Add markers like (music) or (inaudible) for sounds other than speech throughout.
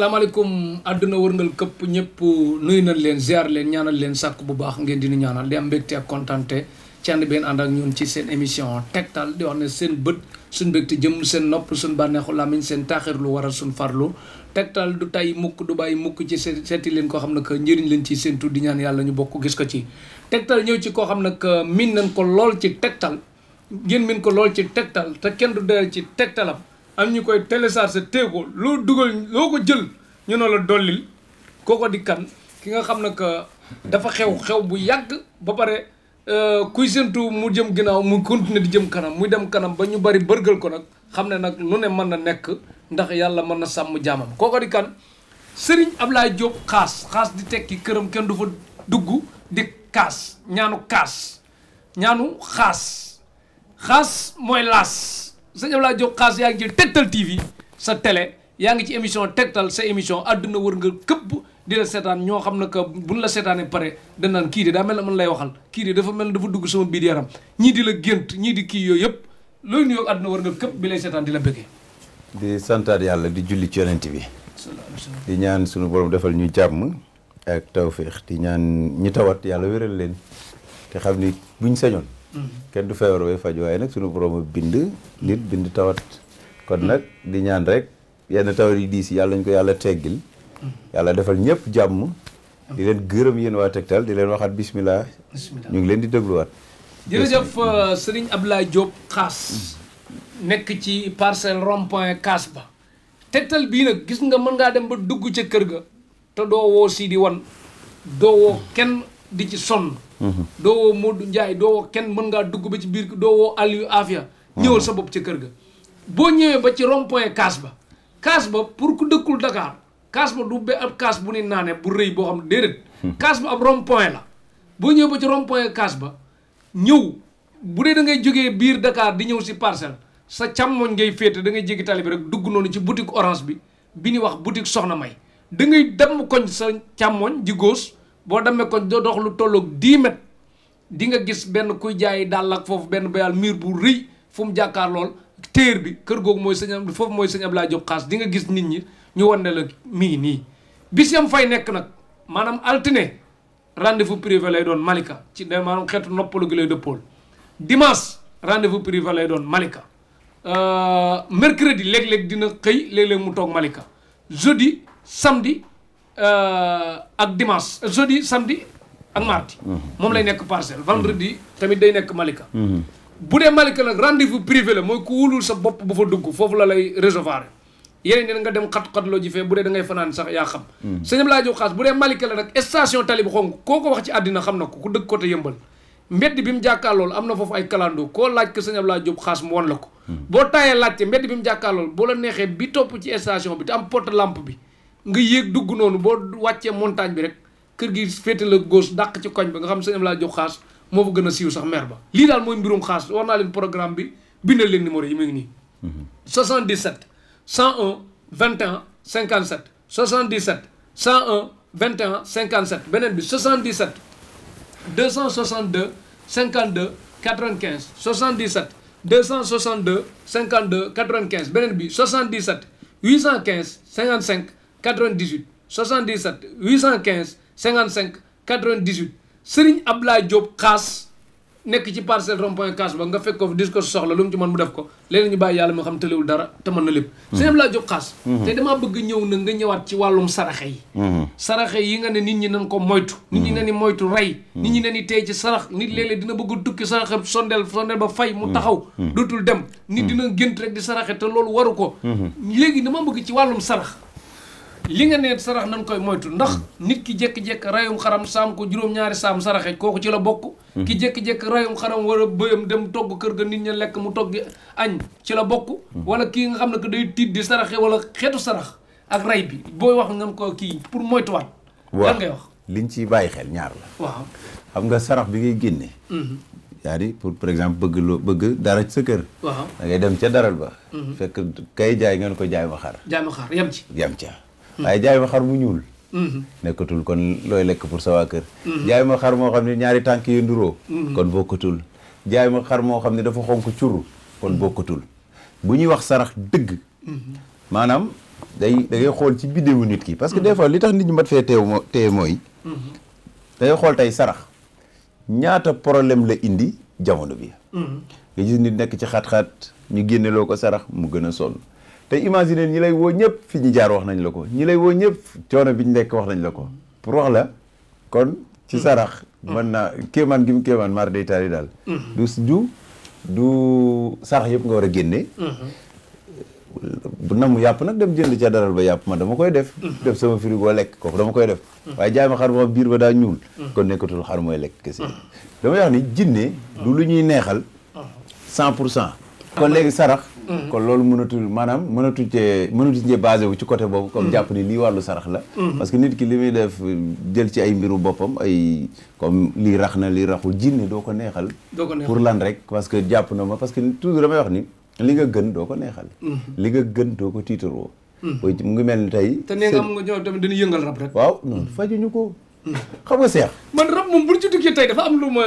asalaamaaleykum àdduna wërngal këpp ñëpp nuyu nañ leen ziar leen ñaanal leen sàkk bu baax ngeen di nu ñaanal di am mbégte ak kontante ci ànd ak ñun ci seen émission tegtal di wax ne seen bët suñ mbégte jëm seen nopp suñ bànneexu làmmiñ seen lu waral suñ farlu tegtal du tay mukk du bàyyi mukk ci seen seeti leen koo xam ne que njëriñ leen ci seen tudd di ñaan yàlla ñu bokk gis ko ci tegtal ñëw ci koo xam na que min nañ ko lool ci tegtal ngeen min ko lool ci tegtal te kenn du doyal ci tegtalam am ñu koy sa tée ko loo dugal loo ko jël ñu ne la dollil kooko di kan ki nga xam na que dafa xew xew bu yàgg ba pare euh, kuy séntu mu jëm ginnaaw mu continuer di jëm kanam muy dem kanam ba ñu bari bërgël ko nag xam ne nag lu ne mën na nekk ndax yàlla mën na sàmm jaamam kooko di kan Serigne Ablaye Diop xaas xaas di tekki këram kenn du fa dugg di kaas ñaanu kaas ñaanu xaas xaas mooy laas sëñ Abdoulaye Diop xaas yaa ngi ci Tektal TV sa tele yaa ngi ci émission Tektal sa émission àdduna war nga këpp di la seetaan ñoo xam ne que buñ la seetaanee pare danaan kii de daa mel ne mën lay waxal kii de dafa mel ne dafa dugg sama biir yaram ñii di la gént ñii di kii yooyu yëpp loolu ñu àdduna war nga këpp bi lay seetaan di la bëggee. di santaat yàlla di julli ci yonent bi. di ñaan suñu borom defal ñu jàmm ak tawféex di ñaan ñi tawat yàlla wéral leen te xam ni buñ sañoon. kenn du feebar bay faj waaye nag suñu borom a bind nit bind tawat kon nag di ñaan rek yenn tawat yi diis yàlla ñu ko yàlla teggil yàlla defal ñëpp jàmm di leen gërëm yenn waa Tektal di leen waxaat bismillah ñu ngi leen di dégluwaat jërëjëf euh, sëriñ laa Diop xaas nekk ci parcel rond kaas ba Tektal bii nag gis nga mën ngaa dem ba dugg ca kër ga te doo woo si di wan doo woo kenn di ci sonn doo woo Modou Ndiaye doo woo kenn mën ngaa dugg ba ci biir doo woo Aliou Afia. Ah. ñëwal sa bopp ca kër ga. boo ñëwee ba ci rond point kaas ba kaas ba pour ku dëkkul Dakar kaas ba du be ab kaas bu ni naane bu rëy boo xam ne déedéet. Hmm. kaas ba ab rond la boo ñëwee ba ci rond kaas ba ñëw bu dee da ngay jógee biir dakaar di ñëw si parcelle sa càmmoñ ngay féete da ngay jéggi tali bi rek dugg noonu ci boutique orange bi bi ñuy wax boutique Soxna May da ngay dem koñ sa càmmoñ di boo demee ko doo dox lu tolloog 10 mètres di nga gis benn kuy jaayi daal ak foofu benn bayal miir bu rëy fu mu jàkkaar lool téer bi kër googu mooy sëñ am foofu mooy sëñ Abdoulaye Diop xaas di nga gis nit ñi ñu wan ne la mii nii bis yam fay nekk nag maanaam altine rendez-vous privé lay doon Malika ci de maanaam xeetu noppalu gi lay dëppool dimanche rendez-vous privé lay doon Malika euh, mercredi léeg-léeg dina xëy léeg-léeg mu toog Malika jeudi samedi Euh, ak dimanche jeudi samedi ak mardi. Mhm. moom lay nekk parcelle. vendredi mhm. tamit day nekk Malika. Mhm. bu dee Malika nag rendez-vous privé la mooy ku wulul sa bopp bu fa dugg foofu la lay recevoir yeneen yi nga dem xat-xatloo ji fee bu dee da ngay fanaan sax yaa xam. sëñ Abdoulaye Xaas bu dee Malika la nag station tali bu xonk koo ko wax ci àddina xam na ko ku dëkk côté yëmbal. mbedd bi mu jàkkaarlool am na foofu ay kalandoo koo laaj ko sëñ Abdoulaye Diop xaas mu la ko. boo taayee laajte mbedd bi mu jàkkaarlool boo la neexee bi topp ci station bi te am porte lampe bi. nga yéeg dugg noonu boo wàccee montagne bi rek kër gi féete la gauche dàq ci koñ bi nga xam sëñ am laa jox xaas moo fa gën a siiw sax maire ba lii daal mooy mbirum xaas war naa leen programme bi bindal leen numéro yi mu ngi nii 77 101 21 57 77 101 21 57 beneen bi 77 262 52 95 77 262 52 95 beneen bi 77 815 55 98 77 815 55 98 Serigne Ablaye Diop xaas nekk ci parcelle rond point Case ba nga fekk ko fi discours soxla lu mu ci mën mu def ko léegi ñu bàyyi yàlla moo xam tëlewul dara te mën na lépp. Mhm. Serigne Ablaye Diop xaas. Mhm. te damaa bëgg ñëw na nga ñëwaat ci wàllum saraxe yi. Mhm. saraxe yi nga ne nit ñi nan ko moytu. nit ñi nañu moytu rey. nit ñi nañu tey ci sarax nit léeg-léeg dina bëgg tukki saraxe sondeel sondeel ba fay mu taxaw. dootul dem nit dina gént rek di te loolu waru ko. léegi dama bëgg ci wàllum sarax li nga nee sarax nañ koy moytu ndax nit ki jékki-jékki rayum xaram saam ko juróom-ñaari saam saraxe kooku ci la bokk ki jékki-jékki rayum xaram war a bëyam dem togg kër ga nit ña lekk mu togg ci la bokk wala kii nga xam ne que day tiit di saraxe wala xeetu sarax ak ray bi booy wax nga ko kii pour moytuwaat lan wax liñ ciy bàyyi xel ñaar la xam nga sarax bi ngay génne mhm. yaa di pour par exemple bëgg loo bëgg dara sa kër da ngay dem ca daral ba mhm. fekk kay jaay ngeen ko jaay ma xar jaay ma xar yam ci yam ca Mm-hmm. waaye jaay ma xar mu ñuul mm-hmm. nekkatul kon looy lekk pour sa waa kër mm-hmm. jaay ma xar moo xam ne ñaari tànk yu nduroo kon bokkatul jaay ma xar moo xam ne dafa xonk cur kon bokkatul bu ñuy wax sarax dëgg maanaam day da ngay xool ci biddewu nit ki parce que des fois li tax nit ñi mat fee teew mooy da xool tay sarax ñaata problème la indi jamono bi nga gis nit nekk ci xat-xat ñu loo ko sarax mu gën a sonn te imaginer ñi lay woo ñëpp fi ñu jaar wax nañ la ko ñi lay woo ñëpp coono bi ñu nekk wax nañ la ko pour wax la kon ci mm. sarax mm. mën naa kéemaan gi mu kéemaan maar day taal yi daal mm. du du du sarax yëpp nga war a génne mm-hmm. bu namu yàpp nag dem jënd ca daral ba yàpp ma dama koy def mm-hmm. def sama frigo lekk ko dama koy def mm-hmm. waaye jaay ma xar moo biir ba daa ñuul kon nekkatul xar mooy lekk kese dama wax ni jinne du lu ñuy neexal cent pour cent kon léegi sarax Mm-hmm. kon loolu mënatul maanaam mënatu cee mënatu cee basé wu ci côté boobu comme mm-hmm. jàpp ni lii wàllu sarax la mm-hmm. parce que nit ki li muy def jël ci ay mbiru boppam ay comme lii rax na lii raxul jinne doo ko neexal pour lan rek parce que jàpp na ma parce que toujours damay wax ni li nga gën doo ko neexal li nga gën doo ko tiitaroo mu ngi mel ni tey te nee nga am yëngal rab rek waaw non fajuñu ko xam nga seex. man rab moom bu ñu ci tukkee tey dafa am lu ma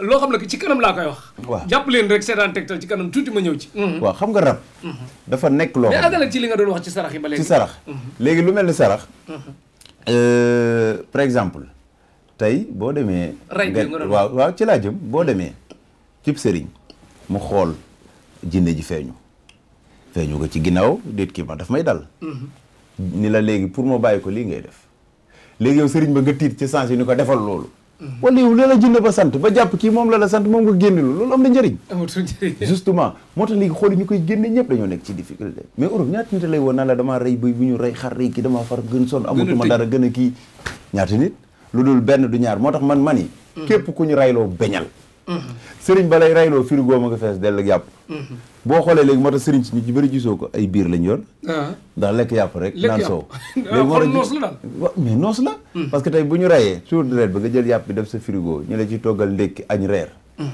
loo xam ne ci kanam laa koy wax. waaw jàpp leen rek seetaan tegtal ci kanam tuuti ma ñëw ci. waaw mhm. xam nga rab. Mhm. dafa nekk loo xam mais àggale ci li nga doon wax ci sarax yi ba léegi. Mhm. lu mel ni sarax. Euh, par exemple tey boo demee. ray bi nga waaw waaw ci laa jëm boo demee. cib sëriñ mu xool jinne ji feeñu. feeñu ko ci ginnaaw déet kii ma daf may dal. ni la léegi pour ma bàyyi ko lii ngay def. léegi yow sëriñ ba nga tiit ci sens yi ni ko defal loolu mhm. wala yow la la jinne ba sant ba jàpp kii moom la la sant moom nga génn lu loolu am na njëriñ justement moo tax léegi xooli ñu koy génne ñëpp dañoo nekk ci difficulté mais Europe ñaata nit lay woon naa la damaa rey bëy bu ñu rey xar rey kii damaa far gën sonn amatuma dara gën a kii ñaata nit lu dul benn du ñaar moo tax man mani mhm. képp ku ñu reyloo beñal sëriñ ba lay reyloo firigo ma nga fees dell yàpp boo xoolee léegi moo tax sëriñ si ñu ci bëri gisoo ko ay biir lañ yor ah. ndax lekk yàpp rek naan soow (laughs) léegi ah, moo tax mm. parce que tey bu ñu rayee suur ba nga jël yàpp bi def sa firigo ñu la ci toggal ndékki añ reer mm.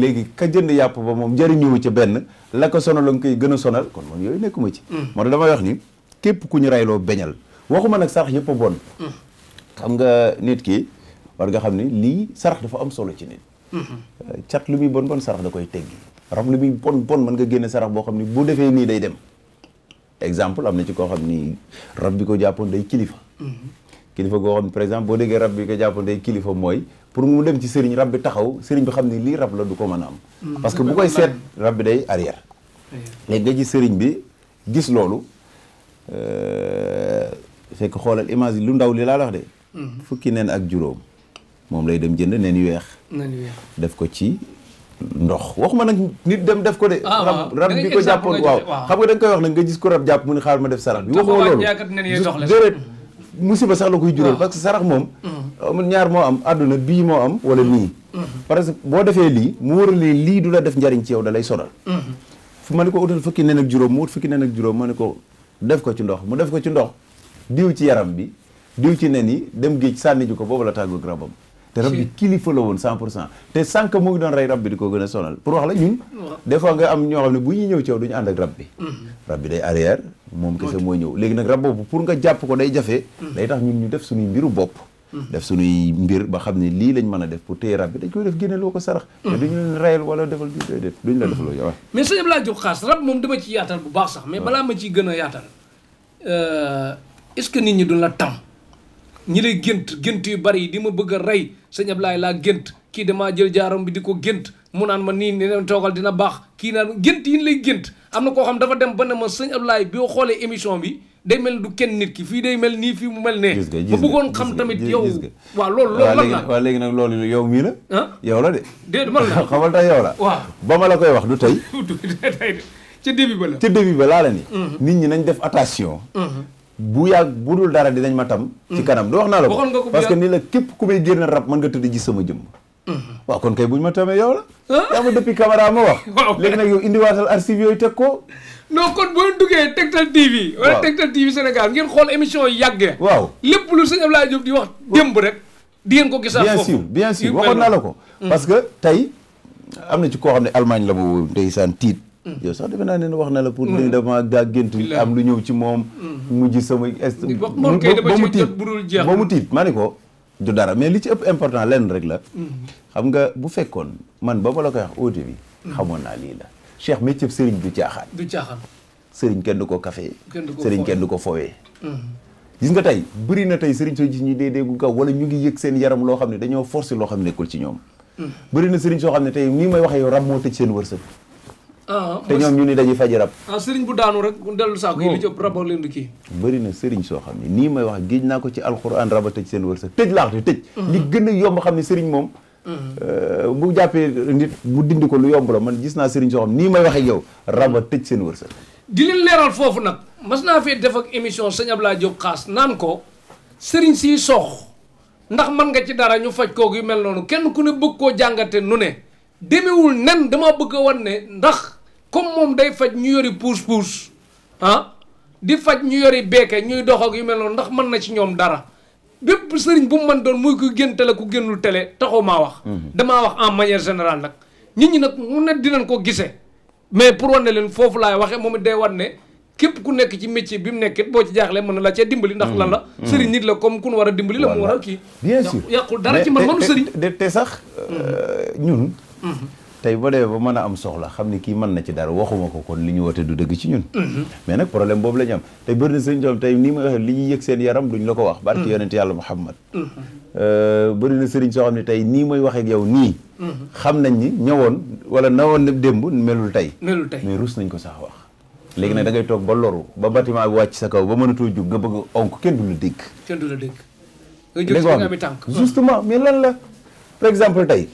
léegi ka jënd yàpp ba moom jëriñëwu ca benn la ko sonal la koy gën a sonal kon moom yooyu nekkuma ci mm. moo tax damay wax ni képp ku ñu reyloo beñal waxuma nag sarax yëpp a bon xam nga nit ki war nga xam ni lii sarax dafa am solo ci nit Euh, cat lu muy bon bon sarax da koy teggi rab lu muy bon bon mën nga génne sarax boo xam ni boo defee nii day dem exemple am na ci koo xam nii rab bi ko jàppoon day kilifa kilifa goo xam ne par exemple boo déggee rab bi ko jàppoon day kilifa mooy pour mu dem ci sëriñ rab bi taxaw sëriñ bi xam ne lii rab la du ko mën am mm. parce que bu koy seet rab bi day arrière léegi nga ci sëriñ bi gis loolu fekk euh, xoolal image lu ndaw li laa wax de mm-hmm. fukki neen ak juróom moom lay dem jënd neen yu weex. def ko ci ndox waxuma nag nit dem def ko de. Ah, rab rab bi ko jàppoon waaw xam nga da nga koy wax nag nga gis ko rab jàpp mu ne xaaral ma def sarax bi. waxuma loolu déedéet musiba sax la koy jural ah. parce que sarax moom. Mm. ñaar moo am àdduna bii moo am wala mm. nii. Mm. parce que boo defee lii mu wóor ne lii du la def njariñ ci yow da lay sonal. fu ma ne ko utal fukki nen ak juróom mu ut fukki nen ak juróom ma ne ko def ko ci ndox mu def ko ci ndox diw ci yaram bi diw ci nen yi dem géej sànni ko boobu la tàggu rabam te rab bi kilifa la woon 100 pour cent te sànq mu ngi doon rey rab bi di koo gën a sonal pour wax la ñun des fois nga am ñoo xam ne bu ñu ñëw ci yow du ñu ànd ak rab bi mhm. rab bi day arrière moom kese mooy ñëw léegi nag rab boobu pour nga jàpp ko day jafe mhm. day tax ñu def suñuy mbiru bopp mhm. def suñuy mbir ba xam ne lii lañ man a def pour téye rab bi dañ koy def génne loo ko sarax te duñu leen reyal wala defal la defaloo yow mais sëñ Abdoulaye Diop Khass rab moom dama ci yaatal bu baax sax mais balaa ma ciy gën a yaatal euh, est-ce que nit ñi duñ la tam ñi lay gént gént yu bari yi di ma bëgg a rey sëñ Ablaye laa gént kii damaa jël jaaram bi di ko gént mu naan ma nii ni leen dina baax kii naan gént yi lay gént am na koo xam dafa dem ba ne ma sëñ Ablaye boo xoolee émission bi day mel du kenn nit ki fii day mel nii fii mu mel nee ma bëggoon xam tamit yow waaw loolu loolu lan la waaw léegi nag loolu yow mii la ah yow la de déedéet man la (laughs) xamal la waaw ba ma la koy wax du tey (laughs) ci début ba la ci début ba laa la ni mm-hmm. nit ñi nañ def attention mm-hmm. bu yàgg bu dul dara dinañ ma tam. ci mm-hmm. kanam du wax naa la ko parce que ni la képp ku may génn rab mën nga tëdd gis sama jëmm. Mm-hmm. waaw kon kay buñ ma tamee yow la. yaa ma depuis caméra ma wax. (laughs) léegi nag yow indiwaatal archive yooyu teg ko. non kon boo duggee Tektal TV. wala Tektal TV Sénégal ngeen xool émission yi yàggee. waaw lépp lu sëñ Abdoulaye Diop di wax démb rek. di ngeen ko gisaat foofu bien sûr bien waxoon naa la ko. Mm. parce que tey am na ci koo xam ne Allemagne la bu ndeysaan tiit. yow sax defe naa ne wax na la pour ne mm. dama gaa gént am lu ñëw ci moom mm. mujj sama ba mu tiit ba mu tiit maa ni ko du dara mais li ci ëpp important lenn rek la mm. xam nga bu fekkoon man ba ma la ko wax au début xamoon naa lii la cheikh métier sëriñ du caaxaan du caaxaan sëriñ kenn du ko café sëriñ kenn du ko fowee gis nga tey bëri na tey sëriñ soo gis ñu dee dee gu kaw wala ñu ngi yëg seen yaram loo xam ne dañoo forcé loo xam ne nekkul ci ñoom bëri na sëriñ soo xam ne tey nii may waxee yow rab moo tëj seen wërsëg Ah, te ñoom ñu ni dañuy faj rab ah sëriñ bu daanu rek bu dellu saako yi li jëpp raba leen di kii bëri na sëriñ soo xam ne nii may wax géej naa ko ci alxuraan a tëj seen wërsëg tëj laax te tëj mm-hmm. li gën a yomb xam ne sëriñ moom mm-hmm. eh, bu jàppee nit bu dindi ko lu yomb la man gis naa sëriñ soo xam nii may wax ak yow raba tëj seen wërsëg di leen leeral foofu nag mas naa fee def ak émission sëñ laa Diop xaas naan ko sëriñ siy sox ndax mën nga ci dara ñu faj kooku mel noonu kenn ku ne bëgg koo jàngate nu ne demewul nen dama bëgg a wan ne ndax comme moom day faj ñu yori puus-puus ah di faj ñu yori beeke ñuy dox ak yu meloon ndax mën na ci ñoom dara bépp sëriñ bu mu mën doon muy ku génn télé ku génnul télé taxaw maa wax mhm. damaa wax en manière générale nag nit ñi nag mu ne leen ko gisee mais pour wane leen foofu laay waxee moom it day wan ne képp ku nekk ci métier bi mu nekkit boo ci jaaxlee mën na la cee dimbali ndax mhm. lan la mhm. sëriñ nit la comme ku nu war a dimbali la mu war kii bien sûr dara ci man manu sëriñ te sax euh, ñun tey ba dee ba mën a am soxla xam ne kii mën na ci dara waxuma ko kon li ñu woote du dëgg ci ñun mais nag problème boobu la ñu am tey bëri na sëñ toom tey nii may waxee la ko wax barki yonent yàlla Muhammad euh, bëri na sëriñ soo xam ne tey nii mooy waxee ak yow nii xam nañ ni ñëwoon wala nawoon démb melul tey melul tey mais rus nañ ko sax wax léegi nag da ngay toog ba loru ba bâtiment wàcc sa kaw ba mënatoo jug nga bëgg onk kenn du la dégg la dégg nga jóg nga am tànk justement mais lan la par exemple tey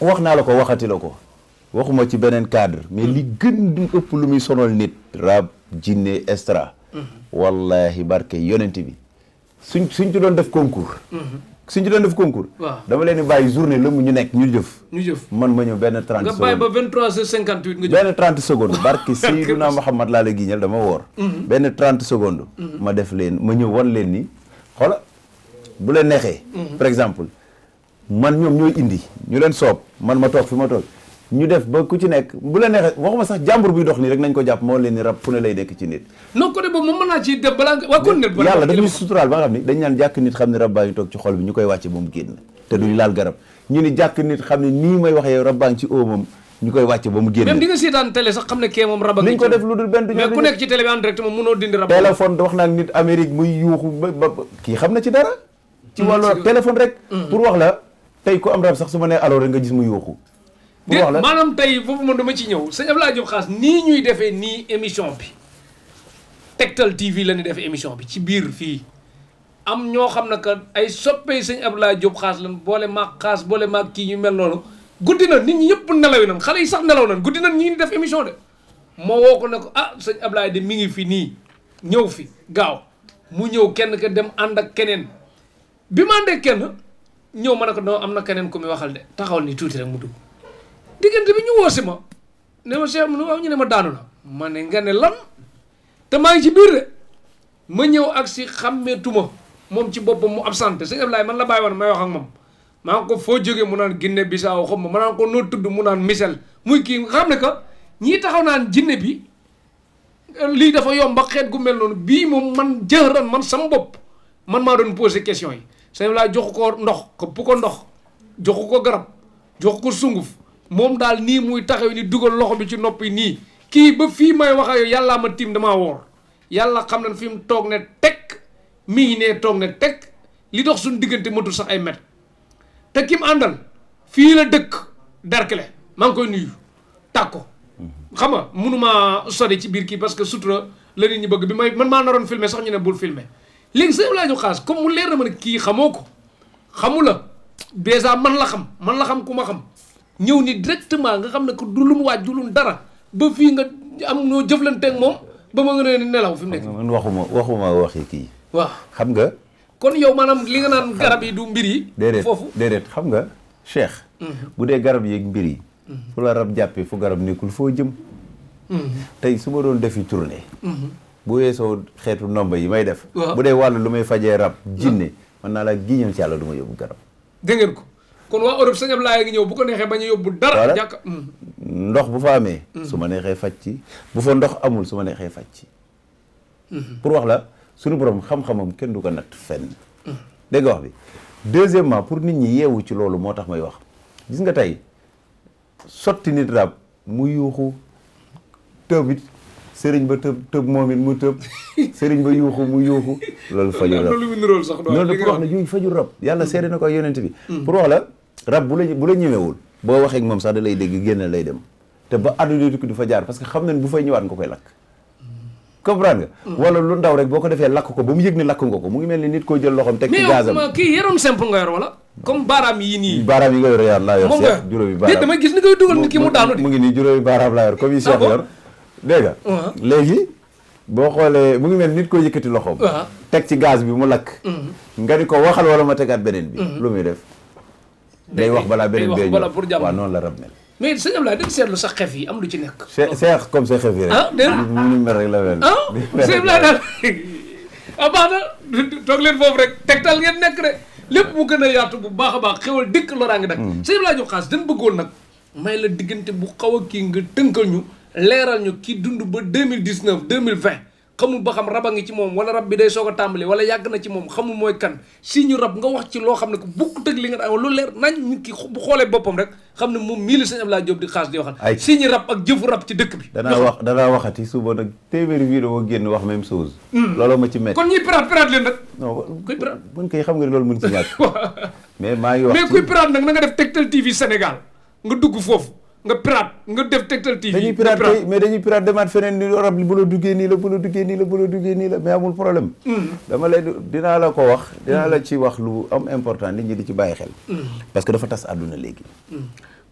wax naa la ko waxati la ko waxuma ci beneen cadre mais li mm-hmm. gën di ëpp lu muy sonal nit rab jinne extra mm-hmm. wallahi barke yonent bi suñ suñ ci doon def concours mm-hmm. suñ ci doon def concours dama leen di bàyyi journée la mu ñu nekk ñu jëf ñu jëf man ma ñëw benn trente secondes nga ba vingt trois heures cinquante huit nga jëf benn trente secondes barke Seydina (laughs) Mouhamad laa la giñal dama woor benn trente secondes ma def leen ma ñëw wan leen ni xoola bu leen neexee par exemple man ñoom ñooy indi ñu leen soob man ma toog fi ma toog ñu def ba ku ci nekk bu la neexee waxuma sax jàmbur buy dox nii rek nañ ko jàpp moo leen ni rab fu ne nekk ci nit moom ne yàlla dafa ñu ni dañ naan jàkk nit xam ne rab baa ngi toog ci ñu ñu ni waxee yow rab baa ngi ci ba mu génn même di nga ne moom rab a liñ ko def lu dul benn mais moom mënoo dindi rab téléphone nit Amérique muy yuuxu kii xam na ci dara mm-hmm. ci wàllu téléphone rek mm-hmm. pour wax la tey ko am rab sax su ma nee alors nga gis mu yooxu bu wax la maanaam tey foofu ma dama ci ñëw sëñ Abdoulaye Diop Khass nii ñuy defee nii émission bi Tektal TV la ñu def émission bi ci biir fii am ñoo xam ne que ay soppee ab Abdoulaye Diop Khass lan boole maag xaas boole maa kii ñu mel noonu guddi na nit ñëpp yëpp nelaw nan xale yi sax nelaw nan guddi na ñu ngi def émission de moo woo ko ne ko ah sëñ Abdoulaye de mi ngi fi nii ñëw fi gaaw mu ñëw kenn ka dem ànd ak keneen bi ma kenn. ñëw ma ne ko non am na keneen ku muy waxal de taxawal ni tuuti rek mu dugg diggante bi ñu woosi ma ne ma Cheikh nu ñu ne ma daanu na ma ne nga ne lan te maa ngi ci biir ma ñëw ak si xàmmeetuma moom ci boppam mu absenté sëñ Ablaye man la bàyyi woon may wax ak moom maa ngi ko foo jógee mu naan Guinée Bissau xam ma man naan ko noo tudd mu naan Michel muy kii xam ne ka ñii taxaw naan jinne bi lii dafa yomb ba xeet gu mel noonu bii moom man jëxëran man sama bopp man maa doon posé question yi sëñ bi laa joxu ko ndox këpp ko ndox joxu ko garab joxu ko sunguf moom daal nii muy taxaw ni dugal loxo bi ci noppi nii kii ba fii may wax ak yow yàllaa ma tiim damaa woor yàlla xam na fi mu toog ne tekk mii ngi ne toog ne teg li dox suñ diggante matul sax ay met te ki mu àndal fii la dëkk derkle maa ngi koy nuyu tàkko mhm. xam nga mënumaa sori ci biir kii parce que sutura la nit ñi bëgg bi may man maa naroon filmer sax ñu ne bul filmer léegi sëñ Abdoulaye Diop Khass comme mu leer na ma kii xamoo ko xamu la dèjà man la xam man la xam ku ma xam ñëw ni directement nga xam ne que du lum waaj dara ba fii nga am noo jëflanteeg moom ba ma nga nee nelaw fi mu nekk. man waxuma waxuma waxi kii. waaw xam nga. kon yow maanaam li nga naan garab yi du mbir yi. déedéet foofu déedéet xam nga Cheikh. Mhm. bu dee garab yeeg mbir yi. Mhm. fu la rab jàppee fu garab nekkul foo jëm. Mhm. tey su ma doon defi tournée. bu weesoo xeetu ndomba yi may def. bu dee wàllu lu may fajee rab. jinne mën naa gii giñal ci yàlla du ma yóbbu garab. dégg ko kon waa Europe sañam ngi ñëw bu ko neexee bañ a yóbbu dara. jàkka mm. ndox bu fa amee. Mm. su ma neexee faj ci bu fa ndox amul su ma neexee faj ci. Mm-hmm. pour wax la sunu borom xam-xamam kenn du ko natt fenn. Mm. dégg wax bi deuxièmement pour nit ñi yeewu ci loolu moo tax may wax gis nga tey sotti nit rab mu yuuxu tëbit sëriñ ba tëb tëb moom it mu tëb (laughs) sëriñ ba yuuxu mu yuuxu loolu fajul rab loolu sax noonu pour wax ne yàlla seede na ko yonent bi hmm. pour wax la rab bu la bu la ñëwewul boo waxee ak moom sax da lay dégg génn lay dem te ba àdduna tukki du fa jaar parce que xam nañ bu fay ñëwaat nga koy lakk comprendre nga hmm. wala lu ndaw rek boo ko defee lakk ko ba mu yëg ne lakk nga ko mu ngi mel ni nit koo jël loxoom teg ci gazam kii yaram simple nga yor wala comme baaraam yi nii baaraam yi nga yor yaa laa yor seet mu ngi nii juróomi baaraam laa yor comme yi ah yor dégg nga. Uh-huh. léegi boo xoolee mu ngi mel nit koo yëkkati loxoom. Uh-huh. teg ci gaz bi mu lakk. Uh-huh. nga ni ko waxal wala ma tegaat beneen bi. lu muy def. day wax balaa beneen bee ñëw pour jàmm waaw la rab mel. mais sëñ yi am lu ci nekk. seex comme sa xef yi rek. ah dégg nga mu mel rek la ah, ah, ngeen nekk rek lépp mu gën a yaatu bu baax a baax xewal dëkk loraange nag. Hmm. sëñ Ablaye Diop Khass dañu bëggoon nag may la diggante bu xaw a kii nga tënkal ñu leeral ñu ki dund ba deux mille dix neuf deux mille vingt xamul ba xam rab a ngi ci moom wala rab bi day soog tàmbali wala yàgg na ci moom xamul mooy kan si ñu rab nga wax ci loo xam ne ko bukk tëg li nga daa loolu leer nañ xoolee boppam rek xam ne moom mii la sëñ Abdoulaye Diop di xaas di waxal si ñu rab wax danaa waxati suba nag téeméeri vidéo génn wax même chose hmm. ma ci met kon ñuy piraat piraat leen rek kuy piraat mën koy xam nga ne loolu mën ci ñàkk (laughs) mais maa ngi wax mais kuy piraat nag na nga def Tektal TV Sénégal nga dugg foofu nga pirate nga def Tektal TV. dañuy pirate mais dañuy pirate demaat feneen ni rab duggee nii la bu la duggee nii la bu la duggee mm. dama lay dinaa la ko wax. dinaa la mm. ci wax lu am important nit ñi di ci bàyyi xel. Mm. parce que dafa tas àdduna léegi.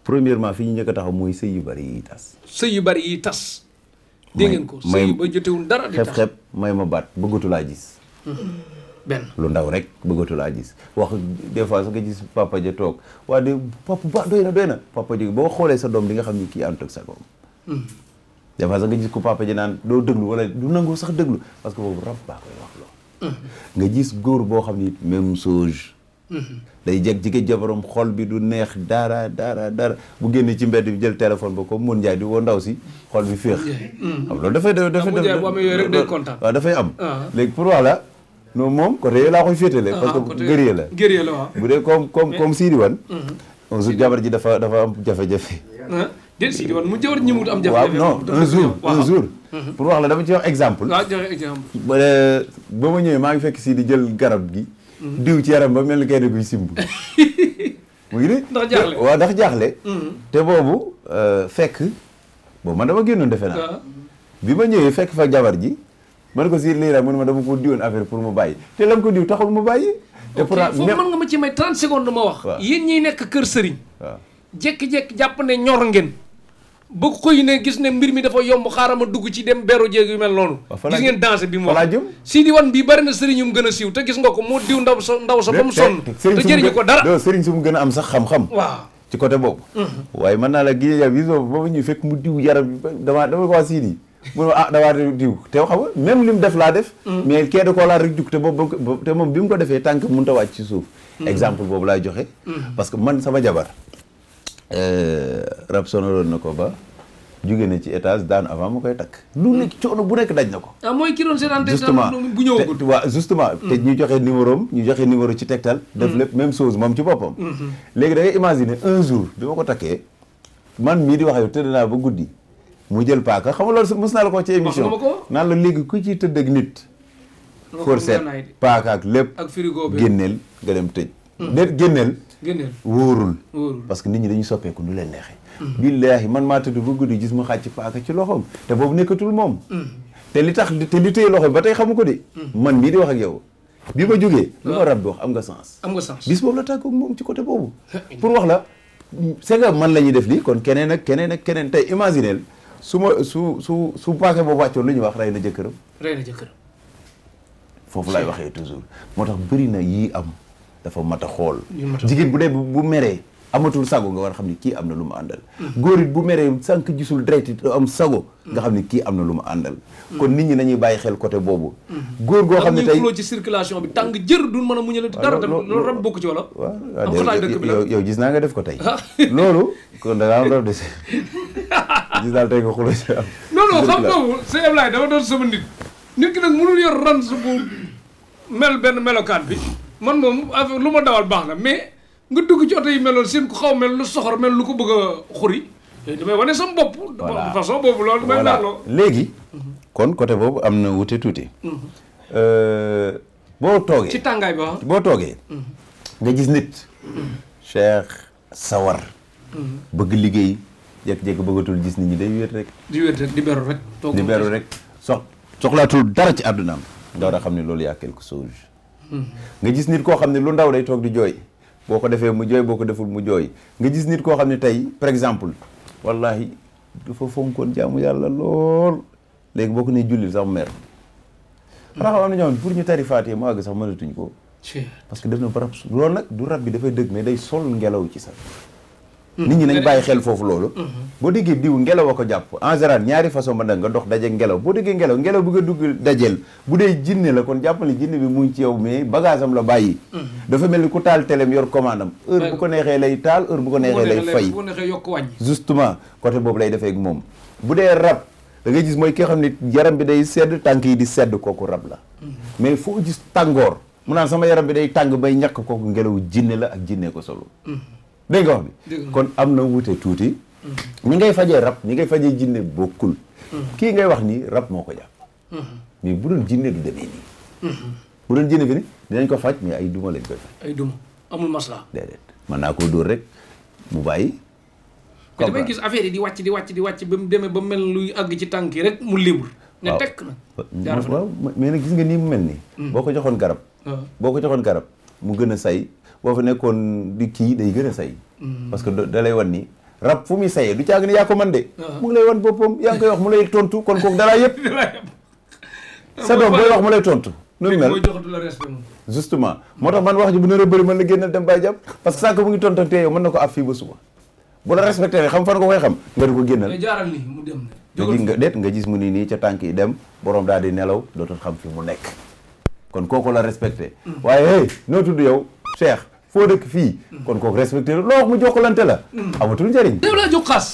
premièrement fi ñu njëkk a taxaw mooy sëy yu bari yi tas. sëy yu bari yiy tas. dégg ngeen ko sëy ba jotewul dara xeeb may ma baat bëggatu laa gis. benn lu ndaw rek bëggatu laa gis wax des fois nga gis papa ja toog waa de papa ba doy na doy na papa ji boo xoolee sa doom di nga xam ni kii àndut ak sa doom hmm. des fois nga gis ko papa ji naan doo déglu wala du nangoo sax déglu parce que boobu rab baa koy wax loolu hmm. nga gis góor boo xam ni même chose hmm. day jeg jige jabaram xol bi du neex dara dara dara bu génne ci mbedd bi jël téléphone ba comme mun njaay di woo ndaw si xol bi féex xam loolu dafay non moom côté yooyu laa koy féetale. parce ah, que guerrier la guerrier la waaw. bu dee comme comme comme Sidi Wane. Mhm. un jour jabar ji dafa dafa am jafe-jafe. Ah, mu jabar ñi am jafe-jafe. waaw non un mhm. pour wax la dama ci wax exemple. waaw joxe exemple. ba euh, ma ñëwee maa ngi fekk Sidi jël garab gi. Mhm. diw ci yaram ba mel ni kay guy simb. (laughs) mu ngi ndax jaaxle boobu euh, fekk boobu man dama génnoon defe naa. Ah. bi ma ñëwee fekk fa jabar ji. ma ne ko si lii la mu ma dama ko diwoon affaire pour mu bàyyi te lam ko diw taxul mu bàyyi. te pour foofu mën nga ma ci may 30 secondes ma wax. waaw yéen nekk Kër Sëriñ. waaw jékki-jékki jàpp ne ñor ngeen. ba xëy ne gis ne mbir mi dafa yomb xaaral ma dugg ci dem beru jéeg yu mel noonu. la ngeen dansé bi mu wax jëm. Sidi Wan bii bari na sëriñ yu mu gën a siiw te gis nga ko moo diw ndaw sa ndaw sa ba mu sonn. te jëriñu ko dara sëriñ su mu gën a am sax xam-xam. waaw ci côté boobu. waaye mën naa la gis yow gis nga mu diw bi dama dama ko mu ne ah dawaa diw te xam nga même li mu def laa def. Mm. mais kee da koo laal rek jug te moom bi mu ko defee tànk mënut a wàcc ci suuf. Mm. exemple boobu laay joxe. Mm. parce que man sama jabar. Euh, rab sonaloon na ko ba. jóge na ci étage daan avant mu koy takk. lu nekk coono bu nekk daj na ko. ah mooy ki doon seetaan bu ñëwagul justement waaw justement. te ñu joxe numéro am ñu joxe numéro ci tegtal. def lépp même chose moom ci boppam. Mm-hmm. léegi da ngay imaginer un jour bi ma ko takkee man mii di wax te tëdd ba guddi. mu jël paaka xam nga loolu mos naa la ko ci émission naan la léegi ku ci tëdd ak nit forset paaka ak lépp génneel nga dem tëj déet hmm. génneel wóorul parce que nit ñi dañuy soppeeku nu leen neexee hmm. billaahi man maa tëdd ba guddi gis mu xàcc paaka ci loxoom te boobu nekkatul moom hmm. te li tax te li téye loxo ba tey xamu ko de man mii di wax ak yow bi ma jógee lu ma rab bi wax am nga sens am nga sens bis boobu la tàggoog moom ci côté boobu (laughs) pour wax la c'est man la ñuy def lii kon keneen ak keneen ak keneen tey imagineel su ma su su su paquet boobu wàccoon lu ñuy wax rey na jëkkëram. rey na jëkkëram. foofu laay waxee toujours moo tax bëri na yii am dafa mat a xool. jigéen bu dee bu meree. amatul sago nga war xam ni kii am na lu mu àndal góor it bu meree sànq gisul direct am sago nga xam ni kii am na lu ma àndal kon nit ñi nañuy bàyyi xel côté boobu góor goo xam ne tey ci circulation bi tàng jër duñ mën a muñal dara loolu rab bokk ci wala waaw yow gis naa nga def ko tey ah. loolu kon da ngaa am rab de si (laughs) gis daal tey nga dama doon sama nit nit ki nag mënul yor ran su bu mel benn melokaan bi man moom affaire lu ma dawal baax na mais nga dugg ci oto yi meloon seen ku xaw mel lu soxor mel lu ko bëgg a xuri eh, damay wane sama bopp de boobu loolu damay merloo léegi mhm. kon côté boobu am na wute tuuti mhm. euh, boo toogee ci tàngaay ba boo toogee mhm. nga gis nit Cheikh sawar bëgg liggéey jékki-jékki bëggatul gis nit ñi day wéet rek di wéet rek di beru rek di beru soxlaatul dara ci àddunaam nga war a xam ne loolu yaa quelque chose nga gis nit koo xam ne lu ndaw day toog di jooy boo ko defee mu jooy boo ko deful mu jooy nga gis nit koo xam ne tey par exemple wallahi dafa fonkoon jaamu yàlla lool léegi boo ko nee sax mu mer. xanaa xam am na ñoo pour ñu tari Faatiha mu àgg sax mënatuñ ko. parce que def na barab loolu nag du rab bi dafay dëgg mais day sol ngelaw ci sax. nit ñi nañ bàyyi xel foofu loolu boo déggee diw ngelaw a ko jàpp en général ñaari façon ma da nga dox daje ngelaw boo déggee ngelaw ngelaw bu nga dugg dajeel bu dee jinne la kon jàppale jinne bi mu ci yow mais bagage am la bàyyi dafa mel ni ku taal telem yor commande am heure bu ko neexee lay taal heure bu ko neexee lay fay justement côté boobu lay defee moom bu dee rab da ngay gis mooy ki xam ne yaram bi day sedd tànk yi di sedd kooku rab la mais foo gis tàngoor mu naan sama yaram bi day tàng bay ñàkk kooku ngelaw jinne la ak jinne ko solo dégg nga wax bi kon am na wuute tuuti mm-hmm. ñi ngay fajee rab ñi ngay fajee jinne bokkul mm-hmm. kii ngay wax nii rab moo ko jàpp mm-hmm. mais bu doon du demee nii bu doon jinne bi ni ko faj mais ay duma lañ koy faj ay duma amul mën naa koo dóor rek mu bàyyi mais damay gis affaire di wàcc di wàcc di wàcc ba mu demee ba mel luy àgg ci tànk yi rek mu libre ne tekk na waaw mais nag gis nga nii mu mel nii mm. boo ko joxoon garab ah. boo ko joxoon garab mu gën a say boo fa nekkoon di kii day gën a say mm. parce que da lay wan ni rab fu muy sayee du caagi ne yaa ko man de uh-huh. mu ngi lay wan boppam yaa ngi koy wax mu lay tontu kon kooku dalaa yëpp (laughs) (laughs) sa doom booy wax mu lay tontu nu mel justement moo tax man wax ji bu nar a bëri mën na génnal dem bàyyi jàpp parce que sànq mu ngi tontante yow mën na ko af fii ba suba bu la respecté xam fan ko koy xam nga di ko génnal jaaral ni mu dem nga nga nga gis mu nii nii ca tànk yi dem borom daal di nelaw dootul xam fi mu nekk kon kooku la respecté mm. waaye hey yow Cheikh foo dëkk fii kon kooku respecté loo wax mu jokkalante la amatul njëriñ def laa jox xaas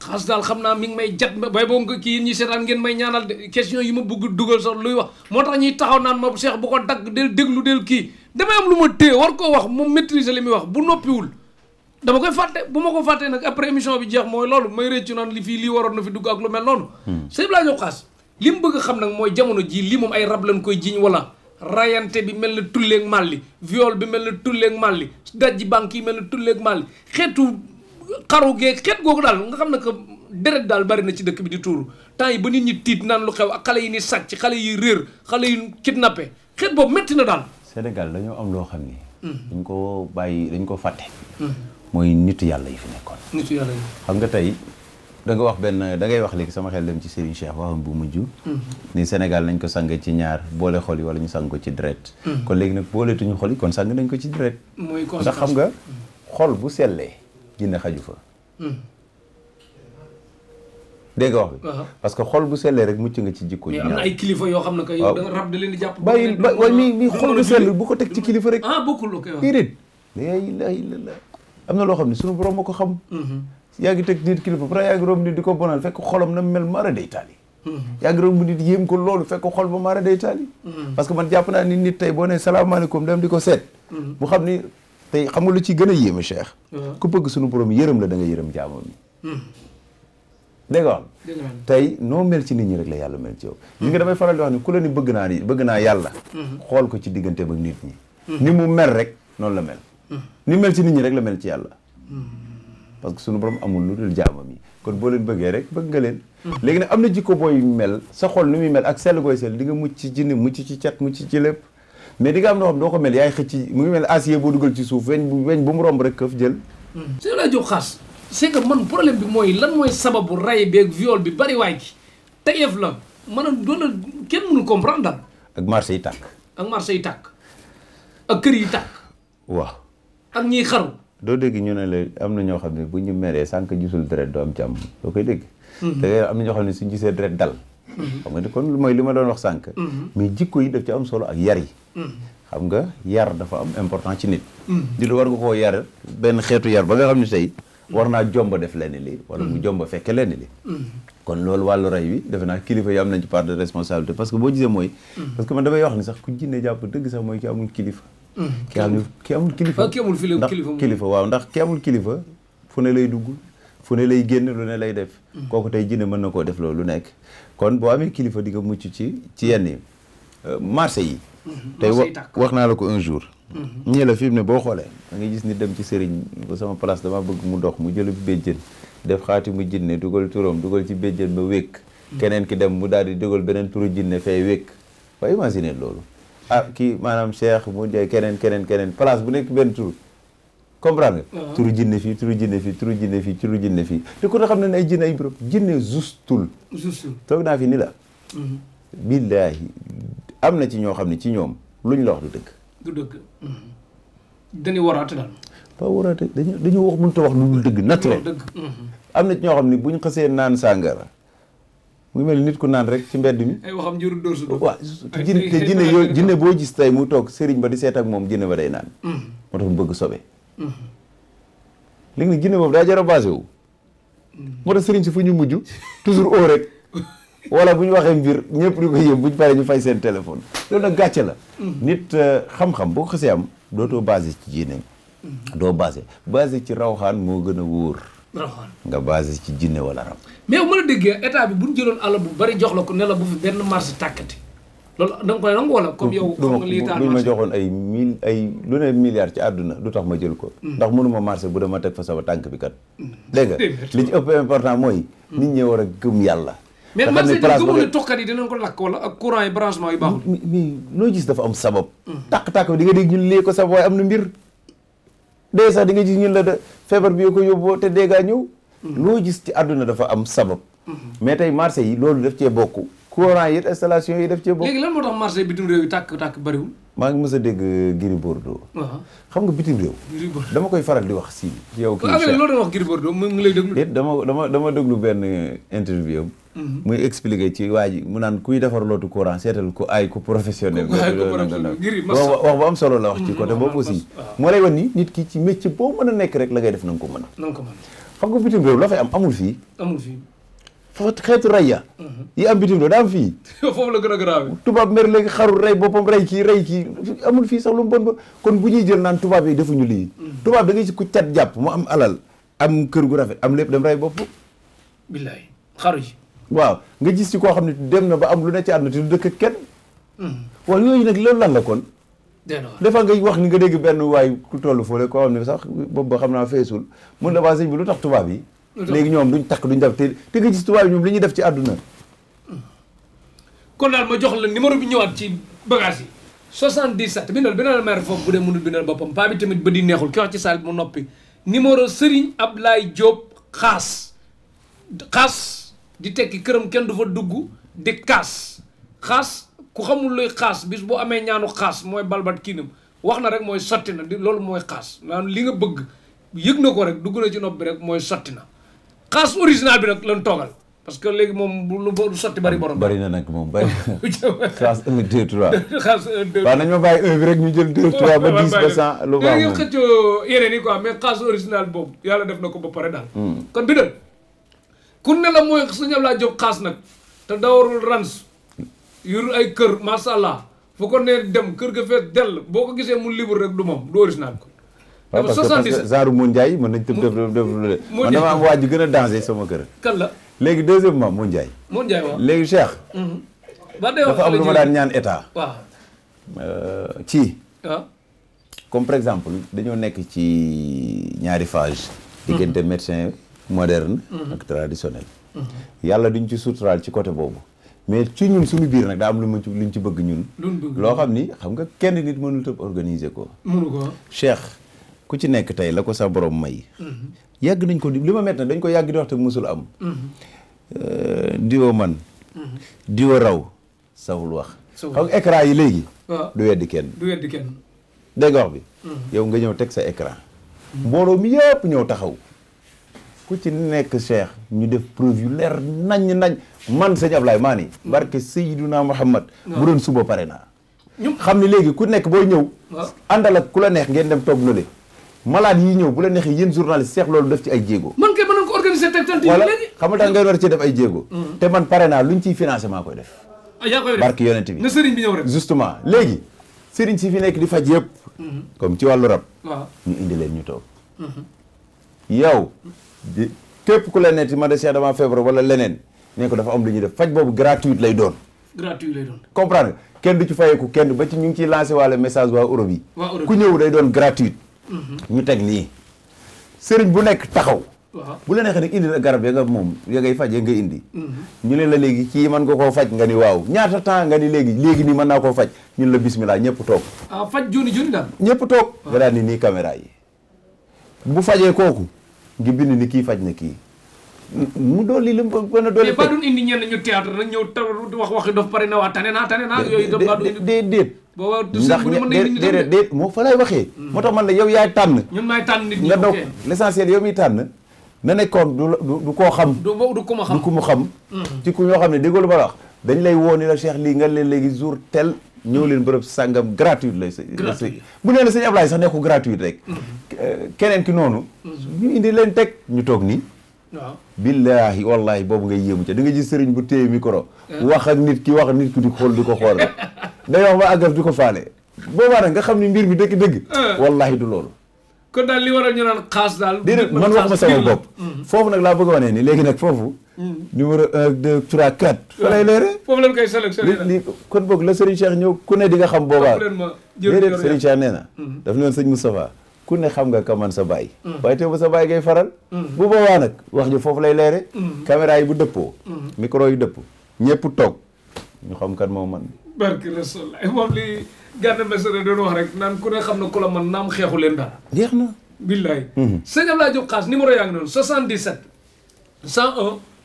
xaas daal xam naa mi ngi may jat bay boo nga kii ñi seetaan ngeen may ñaanal question yi ma bëgg dugal sax luy wax moo tax ñuy taxaw naan ma Cheikh bu ko dagg del déglu del kii damay am lu ma téye war koo wax moom maîtriser li muy wax bu noppiwul dama koy fàtte bu ma ko fàttee nag après émission bi jeex mooy loolu may réccu naan li fii lii waroon na fi dugg ak lu mel noonu sëñ laa jox xaas li mu bëgg xam nag mooy jamono ji lii ay rab lañ koy jiñ wala rayante bi mel na tulleeg màlli viol bi mel na tulleeg màlli dajji banque yi mel na tulleeg màlli xeetu xaru geeg xeet googu daal nga xam ne que deret daal bari na ci dëkk bi di tuuru temps yi ba nit ñi tiit naan lu xew ak xale yi ni sàcc xale yi réer xale yi nappe xeet boobu métti na daal Sénégal dañoo am loo xam ni hmm. dañ ko bàyyi dañ koo fàtte hmm. mooy nitu yàlla yi fi nekkoon yi xam nga tey da nga wax benn da ngay wax léegi sama xel dem ci Serigne Cheikh waxam bu mujj. Mhm. ni Sénégal nañ ko sang ci ñaar boole xol yi wala ñu sang ko ci deret. Mhm. kon léegi nag booletuñu ñu yi kon sang nañ ko ci deret. mooy ndax xam nga mhm. xol bu sellee jinne xaju fa. dégg nga wax bi parce que xol bu sellee rek mucc nga ci jikko ji am na ay kilifa yoo xam ne kay yow rab da leen di jàpp bàyyi waaye mi mi xol bu sell bu ko teg ci kilifa rek ah bokkul ko am na loo xam ne suñu borom ma ko xam yaa ngi teg nit kilifa pourtant yaa ngi romb nit di ko bonal fekk xolam na mel a day taali yaa ngi romb nit yéem ko loolu fekk xol ba mara day taali parce que man jàpp naa ni nit tey boo ne salaamaaleykum dem di ko seet bu xam ni tey xam lu ci gën a yéeme Cheikh ku bëgg suñu borom yërëm la da yërëm jaamam yi dégg nga tey noo mel ci nit ñi rek la yàlla mel ci yow li nga damay faral di wax ni ku la ni bëgg naa ni bëgg naa yàlla xool ko ci digganteem ak nit ñi ni mu mel rek noonu la mel ni mel ci nit ñi rek la mel ci yàlla parce que suñu borom amul lu dul jaamam yi kon boo leen bëggee rek bëgg nga leen léegi nag am na jikko booy mel sa xol nu muy mel ak sell gooy sell di nga mucc ci jinne mucc ci cat mucc ci lépp mais di nga am noo xam doo ko mel yaay xëcc mu ngi mel acier boo dugal ci suuf weñ bu weñ bu mu romb rek këf jël si la jox xaas c'est que man problème bi mooy lan mooy sababu ray beeg viol bi bari waay gi tayeef la man a doon na kenn mënu comprendre daal ak marché yi tàkk ak marché yi tàkk ak kër yi tàkk waaw ak doo dégg ñu ne la am na ñoo xam ne bu ñu meree sànq gisul deret doo am jàmm doo koy dégg. te mhm. am na ñoo xam ne suñ gisee deret dal. Mhm. xam nga ni kon mooy li ma doon wax sànq. Mhm. mais jikko yi daf ci am solo ak yar yi. xam nga yar dafa am important ci nit. di lu war nga koo yar benn xeetu yar ba nga xam ne tey war naa jomba def lenn li wala mu jomba fekke lenn li kon loolu wàllu rey wi defe naa kilifa yi am nañ ci de responsabilité parce que boo gisee mooy. ki nga xam ne ki amul kilifa ndax kilifa waaw ndax ki amul kilifa fu ne lay dugg fu ne lay génn lu ne lay def mm. kooku tey jinne mën na koo def loolu lu nekk kon boo amee kilifa di nga mucc ci ci yenn yi euh, marché yi mm-hmm. tey wax naa la ko un jour ñii mm-hmm. la fi mu ne boo xoolee da ngay gis ni dem ci sëriñ ba sama place dama bëgg mu dox mu jëlu béjjën def xaati mu jinne dugal turam dugal ci béjjën ba wékk mm. keneen ki dem mu daal di dugal beneen turu jinne fay wékk loolu ah kii maanaam Cheikh mu jaay keneen keneen keneen place bu nekk benn tur comprendre nga. Ah. turu jinne fii turu jinne fii turu jinne fii turu jinne fii te ku ne xam ne ay jinne ay borom jinne justul. justul toog naa fi ni la. Mhm. billaahi am na ci ñoo xam ne ci ñoom luñ la wax du dëgg. du dëgg. Mhm. dañuy waraate daal. pas waraate dañu dañu wax mënut a wax lu dul dëgg naturel. Mhm. am na ci ñoo xam ne buñ xasee naan sàngara. mu mel nit ku naan rek ci mbedd mi. ay waxam njëriñ dóor su doon. waaw jinne te (laughs) jinne yooyu jinne boo gis tey mu toog sëriñ ba di seet ak moom jinne ba day naan. Mm-hmm. moo tax mu bëgg sobe. Mm-hmm. léegi nag jinne boobu daa jar a basé wu. Mm-hmm. moo tax sëriñ si fu ñu mujj toujours oo rek (laughs) wala bu ñu waxee mbir ñëpp di ko yëm bu ñu paree ñu fay seen téléphone loolu nag gàcce la. nit euh, xam-xam boo ko am dootoo basé ci jinne. doo basé basé ci raw xaan moo gën a wóor. nga basé ci jinne wala rab. mais bu ma la a état bi bu ñu jëloon àll bu bari jox la ko ne bu fi benn marché tàkkati loolu da nga ma ma ko. Hmm. ndax mënuma bu dama teg fa sama tànk hmm. (laughs) hmm. a gëm yàlla. mais marché bi gëmul ne tuxkat yi dinañ ko lakk wala ak courant yi branchement yi baaxul. mais loo gis dafa am sabab. tàkk-tàkk bi di dégg ñun lii ko sabab waaye am na mbir. dee sax di nga gis ñun la da feebar bi ko yóbboo te dee ñëw. loo gis ci àdduna dafa am sabab. mais tey marché yi loolu daf cee bokk. courant yi installation yi daf cee bokk. léegi lan moo tax marché bitim réew yi tàkk tàkk bariwul. maa ngi mës a dégg Giri Bordeaux. Uh-huh. xam nga bitim réew. dama koy faral di wax si. yow kii ah, Cheikh loolu wax Giri mu ngi lay déglu. dama dama dama déglu benn interview am. Mm-hmm. muy expliqué ci waa ji mu naan kuy defar lootu courant seetal ku ay ku professionnel. ku ay ku professionnel wax bu am solo la wax ci mm-hmm. côté boobu aussi. Ah. moo lay wan ni nit ki ci métier boo mën a nekk rek la ngay def na ko mën. na nga ko mën xam nga am amul fii. amul fii. fa xeetu rey ya mm-hmm. yi am bitim réew daa am fii. (laughs) foofu la gën a tubaab mer léegi xarul rey boppam rey kii rey kii amul fii sax lu mu bon ba kon bu ñuy jël naan tubaab yi defuñu lii. tubaab da ngay ci ku cat jàpp mu am alal am kër gu rafet am lépp dem rey bopp xaru ji waaw nga gis ci koo xam ne dem na ba am lu ne ci àdduna te du dëkk ak kenn. Hmm. waaw ñu nag loolu lan la kon. dafa nga wax ni nga dégg benn waay ku toll fële koo xam ne sax boobu ba xam naa feesul mun na waa sëñ tubaab yi. léegi ñoom duñ takk duñ def te te nga gis tubaab ñoom li ñuy def ci àdduna. Hmm. kon daal ma jox la numéro bi ñëwaat ci bagage yi. 77 bindal bindal maire foofu bu dee mënul bindal boppam paa bi tamit ba di neexul ki wax ci saal bi mu noppi numéro ab laay joob xaas xaas. di tekki këram kenn du fa dugg di kaas xaas ku xamul luy xaas bis bu amee ñaanu xaas mooy balbat kiinam wax na rek mooy sotti na di loolu mooy xaas naan li nga bëgg yëg na ko rek dugg na ci nopp bi rek mooy sotti na xaas original bi nag lan toogal parce que léegi moom lu lu sotti bari borom bari na nag moom bari (laughs) xaas un deux trois xaas un deux waaw nañu ma bàyyi un bi rek ñu jël deux trois ba dix ba cent lu baax moom léegi xëccoo yeneen yi quoi mais xaas original boobu yàlla def na ko ba pare daal hmm. kon bi dal ku ne la mooy sëñ Abdoulaye Diop xaas nag te dawarul rans yur ay kër macha allah fu ko nee dem kër ga fees dell boo ko gisee mu libre rek du moom du original ko. waaw parce que parce que genre Moundiaye mën nañ tëb def def man dama sama kër. kan la léegi deuxièmement Moundiaye. moo waaw léegi Cheikh. Mhm. ba dee dafa am lu ma daan ñaan état. waaw. Euh, ci. waaw ah. comme par exemple dañoo nekk ci ñaari phase. Mhm. diggante médecin. moderne ak traditionnel yàlla duñ ci suturaal ci côté boobu mais ci ñun suñu biir nag daa am lu mu ci luñ ci bëgg ñun loo xam ni xam nga kenn nit mënul tëb organiser ko mënu ko ku ci nekk tey la ko sa borom may mhm. yàgg nañ ko li ma mett na dañ ko yàgg di wax te musul am mhm. euh, diwo man mhm. diwo raw sawul wax xam nga yi léegi ah. du weddi kenn dégg wax bi yow nga ñëw teg sa écran mbooloo mi yëpp ñëw taxaw ku ci nekk cheikh ñu def preuve yu leer nañ nañ man sëñ Ablaye maa ni barke Seydina Muhammad bu doon suba pare naa xam ne léegi ku nekk booy ñëw àndal ku la neex ngeen dem toog nale malade yi ñëw bu la neexee yéen journaliste seex loolu def ci ay jéego man kay mënoon ko organiser tegtal def ay jéego mm. te man pare naa luñ ciy financement koy def ah, yaa koy def barke yonent bi na sëriñ bi justement léegi sëriñ si fi nekk di faj yëpp mm-hmm. comme ci wàllu rab ñu indi leen ñu toog mm-hmm. yow di képp ku la netti man de Cheikh ma feebar wala leneen ne dafa am lu ñuy def faj boobu gratuite lay doon. gratuite lay kenn du ci fayeeku kenn ba ci ñu ngi ciy lancé waale message waa Europe yi. ku ñëw day doon gratuite. Mhm. ñu teg nii sëriñ bu nekk taxaw. bu la neexee nag indi na garab ya nga moom ya faj ya indi. Mhm. ñu ne la léegi ci mën nga koo faj nga ni waaw ñaata temps nga ni léegi léegi nii mën naa koo faj ñu la bismillah ñëpp toog. Ah, faj joni ñëpp toog. nga daal ni nii caméra yi bu fajee kooku. ngi bind ni kii faj na kii mu dolli li mu gën a dolli. mais ba duñ indi ñenn ñu théâtre rek ñëw taw wax wax dafa pare na waa tane naa tane naa yooyu. déet déet booba ndax déedéet déet moo fa lay waxee. Hmm. moo tax man la yow yaay tànn. ñun maay doog l'essentiel yow miy tànn. na nekkoon du du koo xam. du ku mu xam. Hmm. ci ku ñoo xam ne déggoo lu ma la wax. dañ lay woo la Cheikh lii nga leen léegi jour tel. ñëw leen bërëb sàngam gratuite lay sa bu nee la sëñ Ablaye sax ne ko gratuite rek mm-hmm. eh, keneen ki noonu mm-hmm. ñu indi leen teg ñu toog nii waaw billaahi wallaahi boobu ngay yéemu ca da nga gis sëriñ bu téye micro eh? wax ak nit ki wax ak nit ki di xool di ko xool da (laughs) day wax ba àggaf di ko faale boobaa nag nga xam ne mbir mi dëgg dëgg eh. wallaahi du loolu kon daal li waral ñu naan xaas daal déedéet man wax ma sama bopp mm-hmm. foofu nag laa bëgg a wanee ni léegi nag foofu Mm. numéro un deux trois quatre. fa lay leere foofu lañ koy sële sële li kon boog la di nga xam boobaa. déedéet Serigne Cheikh nee na. Mm-hmm. daf ne woon sëñ Moustapha ku ne xam nga kaman sa baay. Mm. waaye teewul sa baay ngay faral. Mm. bu boobaa nag wax ji foofu lay leere. caméra yi bu dëppoo. micro yu dëpp ñëpp toog ñu xam kan moo man barke Rasul eh, la man naam xeexu leen dara. jeex na. billaay. Mm-hmm. sëñ Abdoulaye Diop Khass numéro yaa ngi noonu 77. 101.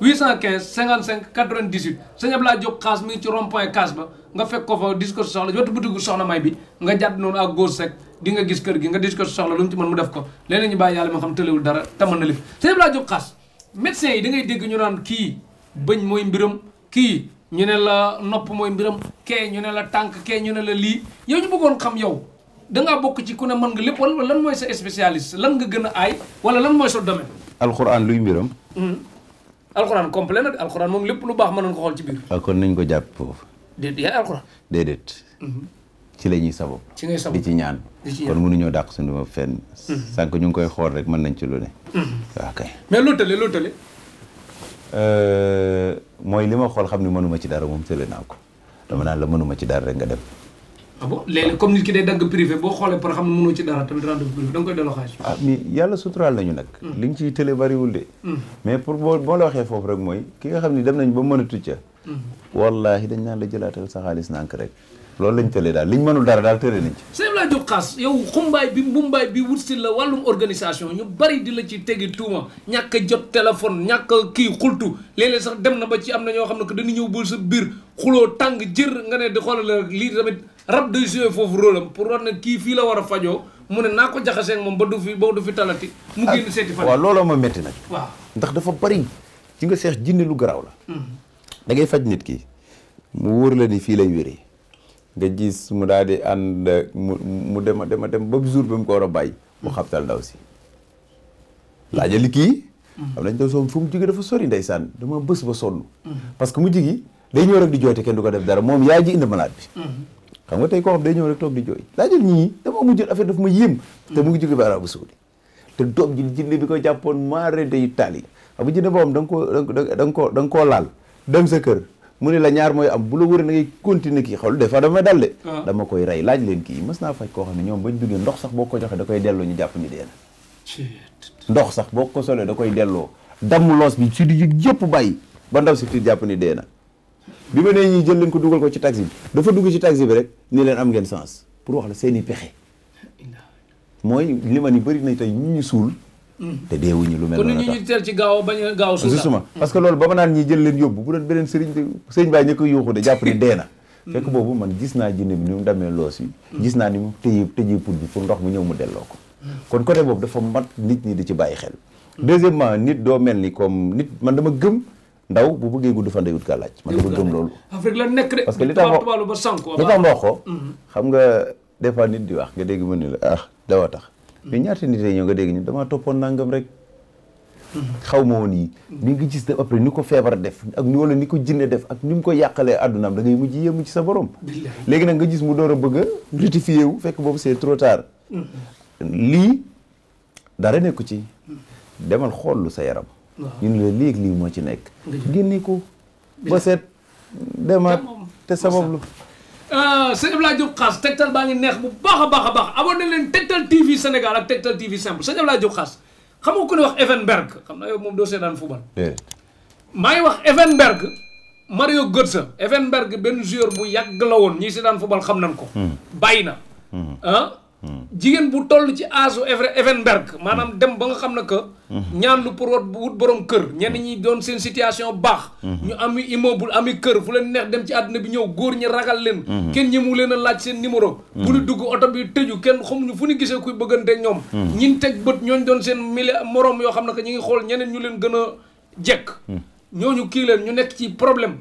815 55 98 sëñ Abdoulaye Diop xaas mi ngi ci rond point Kaas ba nga fekk ko fa discours soxla wetu butigu soxna may bi nga jàdd noonu ak góor sec di nga gis kër gi nga discours soxla lu mu ci mën mu def ko léeg-léeg ñu bàyyi yàlla moo xam tëlewul dara te mën na lif sëñ Abdoulaye Diop xaas médecins yi da dégg ñu naan kii bëñ mooy mbiram kii ñu ne la nopp mooy mbiram kee ñu ne la tànk kee ñu ne la lii yow ñu bëggoon xam yow dangaa bokk ci ku ne mën nga lépp lan mooy sa spécialiste lan nga gën aay wala lan mooy sa domaine alxuraan luy mbiram hmm. alxuraan complet na moom lépp lu baax mënoon ko xool ci biir. waaw kon nañ ko jàpp foofu. déedéet yaay mhm. ci la ñuy sabab. ci ngay sabab di ci ñaan. di ci ñaan kon mënuñoo daq suñu ma fenn. Mhm. sànq ñu ngi koy xool rek mën nañ ci lu ne. Mhm. waaw kay. mais loo tële loo tële. Euh, mooy li ma xool xam ne mënuma ci dara moom tële naa ko dama naan la mënuma ci dara rek nga dem. ah léegi comme nit ki day dagg privé boo xoolee par xam ne mënoo ci dara tamit rendez-vous privé koy delloo xaalis. ah mais yàlla suturaal nañu nag. Hmm. li nga ciy tële bariwul de. Hmm. mais pour boo boo la waxee foofu rek mooy ki nga xam ni dem nañ ba mënatu ca. Hmm. wallaahi dañ naan la jëlaatal sa xaalis nànk rek. loolu lañ tëlee daal liñ mënul dara daal tëlee nañ ci sëñ Abdoulaye Diop yow xumbaay bi mbumbaay bi wut si la wàllum organisation ñu bari di la ci tegi tuuma ñàkk a jot téléphone ñàkk kii xultu léeg-léeg sax dem na ba ci am na ñoo xam ne que dañu ñëw ba sa biir xuloo tàng jër nga ne di xoolal lii tamit rab day joué foofu rôle pour war ne kii fii la war a fajoo mu ne naa ko jaxasee ak moom ba du fi ba fi talati mu ah, génn seeti fan waaw looloo ma metti nag waaw ndax dafa bari ci nga seex jinne lu garaaw la mm-hmm. da ngay faj nit ki mu la ni fii lay wéree nga gis mu daal di mu mu dem a dem a dem ba jour bi mu ko war a bàyyi mu mm. xabtal ndaw si laajali kii mm. am nañ daw soom fu mu jóge dafa sori ndeysaan dama bës ba sonn mm. parce que mu jigi day ñëw rek di jooy te kenn du ko def dara moom yaay ji indi malade bi xam nga tey koo xam day ñëw rek toog di jooy laajal ñii dama mujj affaire daf ma yéem te mu ngi jóge ba Arabie Saoudite te doom ji jinne bi ko jàppoon maare day taali xam nga jinne boobu nga koo da nga koo da koo laal dem sa kër mu ne la ñaar mooy am bu la wër na ngay kii xool des fois dama dal de ah. dama koy rey laaj leen kii mës naa faj koo xam ne ñoom bañ duggee ndox sax boo ko joxee da koy delloo ñu jàpp ni dee na ndox sax boo ko da koy delloo damm loos bi si di yëpp bàyyi ba ndaw si fi jàpp ni dee na bi ma nee ñuy jël leen ko dugal ko ci taxi bi dafa dugg ci taxi bi rek ni leen am ngeen sens pour wax la seeni pexe mooy li yi ni bëri nañ tey ñu ñu suul te deewuñu lu mel noonu kon a gaaw suuf justement parce que loolu ba ma naan ñi jël leen yóbbu bu doon beneen sëriñ sëriñ baa ñi ko yuuxu de jàpp ni dee na mm. fekk boobu man gis naa jinne bi ni mu demee loos yi mm. gis naa ni mu tëjee put bi pour ndox mu ñëw mu delloo ko kon côté boobu dafa mat nit ñi di ci bàyyi xel mm. deuxièmement nit doo mel ni comme nit man dama gëm ndaw bu bëggee gudd fan day wut gàllaaj man dama gëm loolu la nekk de parce que li tax ba sànq li tax ma wax ko mm-hmm. xam nga des nit di wax nga dégg mais ñaata nit ñoo nga dégg ñu damaa toppoon nangam rek. xaw ma woon yi bi nga gis ne après ni ko feebar def ak wala ni ko jinne def ak ni mu ko yàqalee àddunaam da ngay mujj yéemu ci sa borom. léegi nag nga gis mu door a bëgg a rectifié wu fekk boobu c'est trop lii dara nekku ci. demal xool lu sa yaram. ñu ne la léegi lii moo ci nekk. génne ko ba seet demaat te sabablu. Euh, sëñ Abdoulaye Diop Khass Tektal baa ngi neex bu baax a baax a baax abonné leen Tektal TV Sénégal ak Tektal TV simple sëñ Abdoulaye Diop Khass xam nga ku ne wax Evenberg xam naa yow moom doo seetaan football. Eh. maa ngi wax Evenberg Mario Götze Evenberg benn joueur bu yàgg la woon ñi seetaan football xam nañ ko. Hmm. bàyyi na. Hmm. Ah? jigéen bu toll ci aasu Evenberg maanaam mm. dem ba nga xam na que. Mm. ñaan lu pour wut borom kër mm. ñenn ñi doon seen situation baax. ñu am immeuble ami kër fu leen neex dem ci àdduna bi ñëw góor ñi ragal leen. kenn ñemu leen a laaj seen numéro. bu ñu dugg oto bi tëju kenn ñu fu ñu gisee kuy bëggante ñoom. ñin teg bët ñooñ doon seen mili morom yoo xam ne que ñu ngi xool ñeneen ñu leen gën a jekk. ñu kii leen ñu nekk ci problème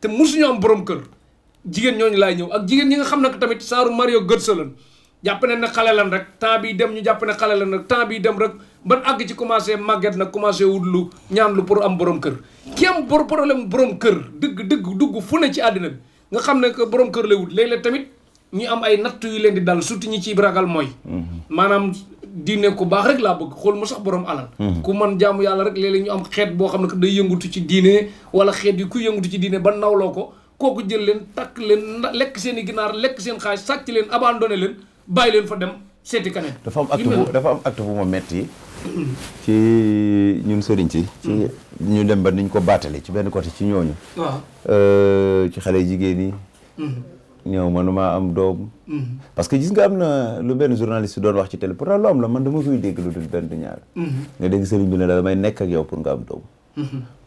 te mosuñu am borom kër jigéen ñooñu laay ñëw ak jigéen ñi nga xam ne que tamit saar Mario Götze jàpp na nag xale lan rek temps bi dem ñu jàpp ne xale lan rek temps bi dem rek ban àgg ci commencé màgget nag commencé wut lu ñaan lu pour am borom kër ki am bor problème borom kër dëgg dëgg dugg fu ne ci àddina bi nga xam ne que borom kër lay wut léeg-léeg tamit ñu am ay natt yu leen di dal surtout ñi ciy ragal mooy mhm. maanaam diine ku baax rek laa bëgg xool mu sax borom alal mhm. ku man jaamu yàlla rek léeg-léeg ñu am xeet boo xam ne que day yëngutu ci diine wala xeet yu ku yëngutu ci diine ba nawloo ko kooku jël takk leen lekk seen i ginaar lekk seen xaalis sàcc leen abandonné leen bàyyi leen fa dem seeti kanam. dafa am acte bu dafa am acte bu ma metti ci ñun sëriñ si. Hmm. ci ñu dem ba nuñ ko baatale ci benn côté ci ñooñu. waaw euh, ci xale jigéen yi. nu hmm. manuma am doom. Hmm. parce que gis nga am na lu benn journaliste doon wax ci télé pourtant lu am la man dama koy dégg lu dul benn ñaar. nga dégg sëriñ bi ne la damay nekk ak yow pour nga am doom.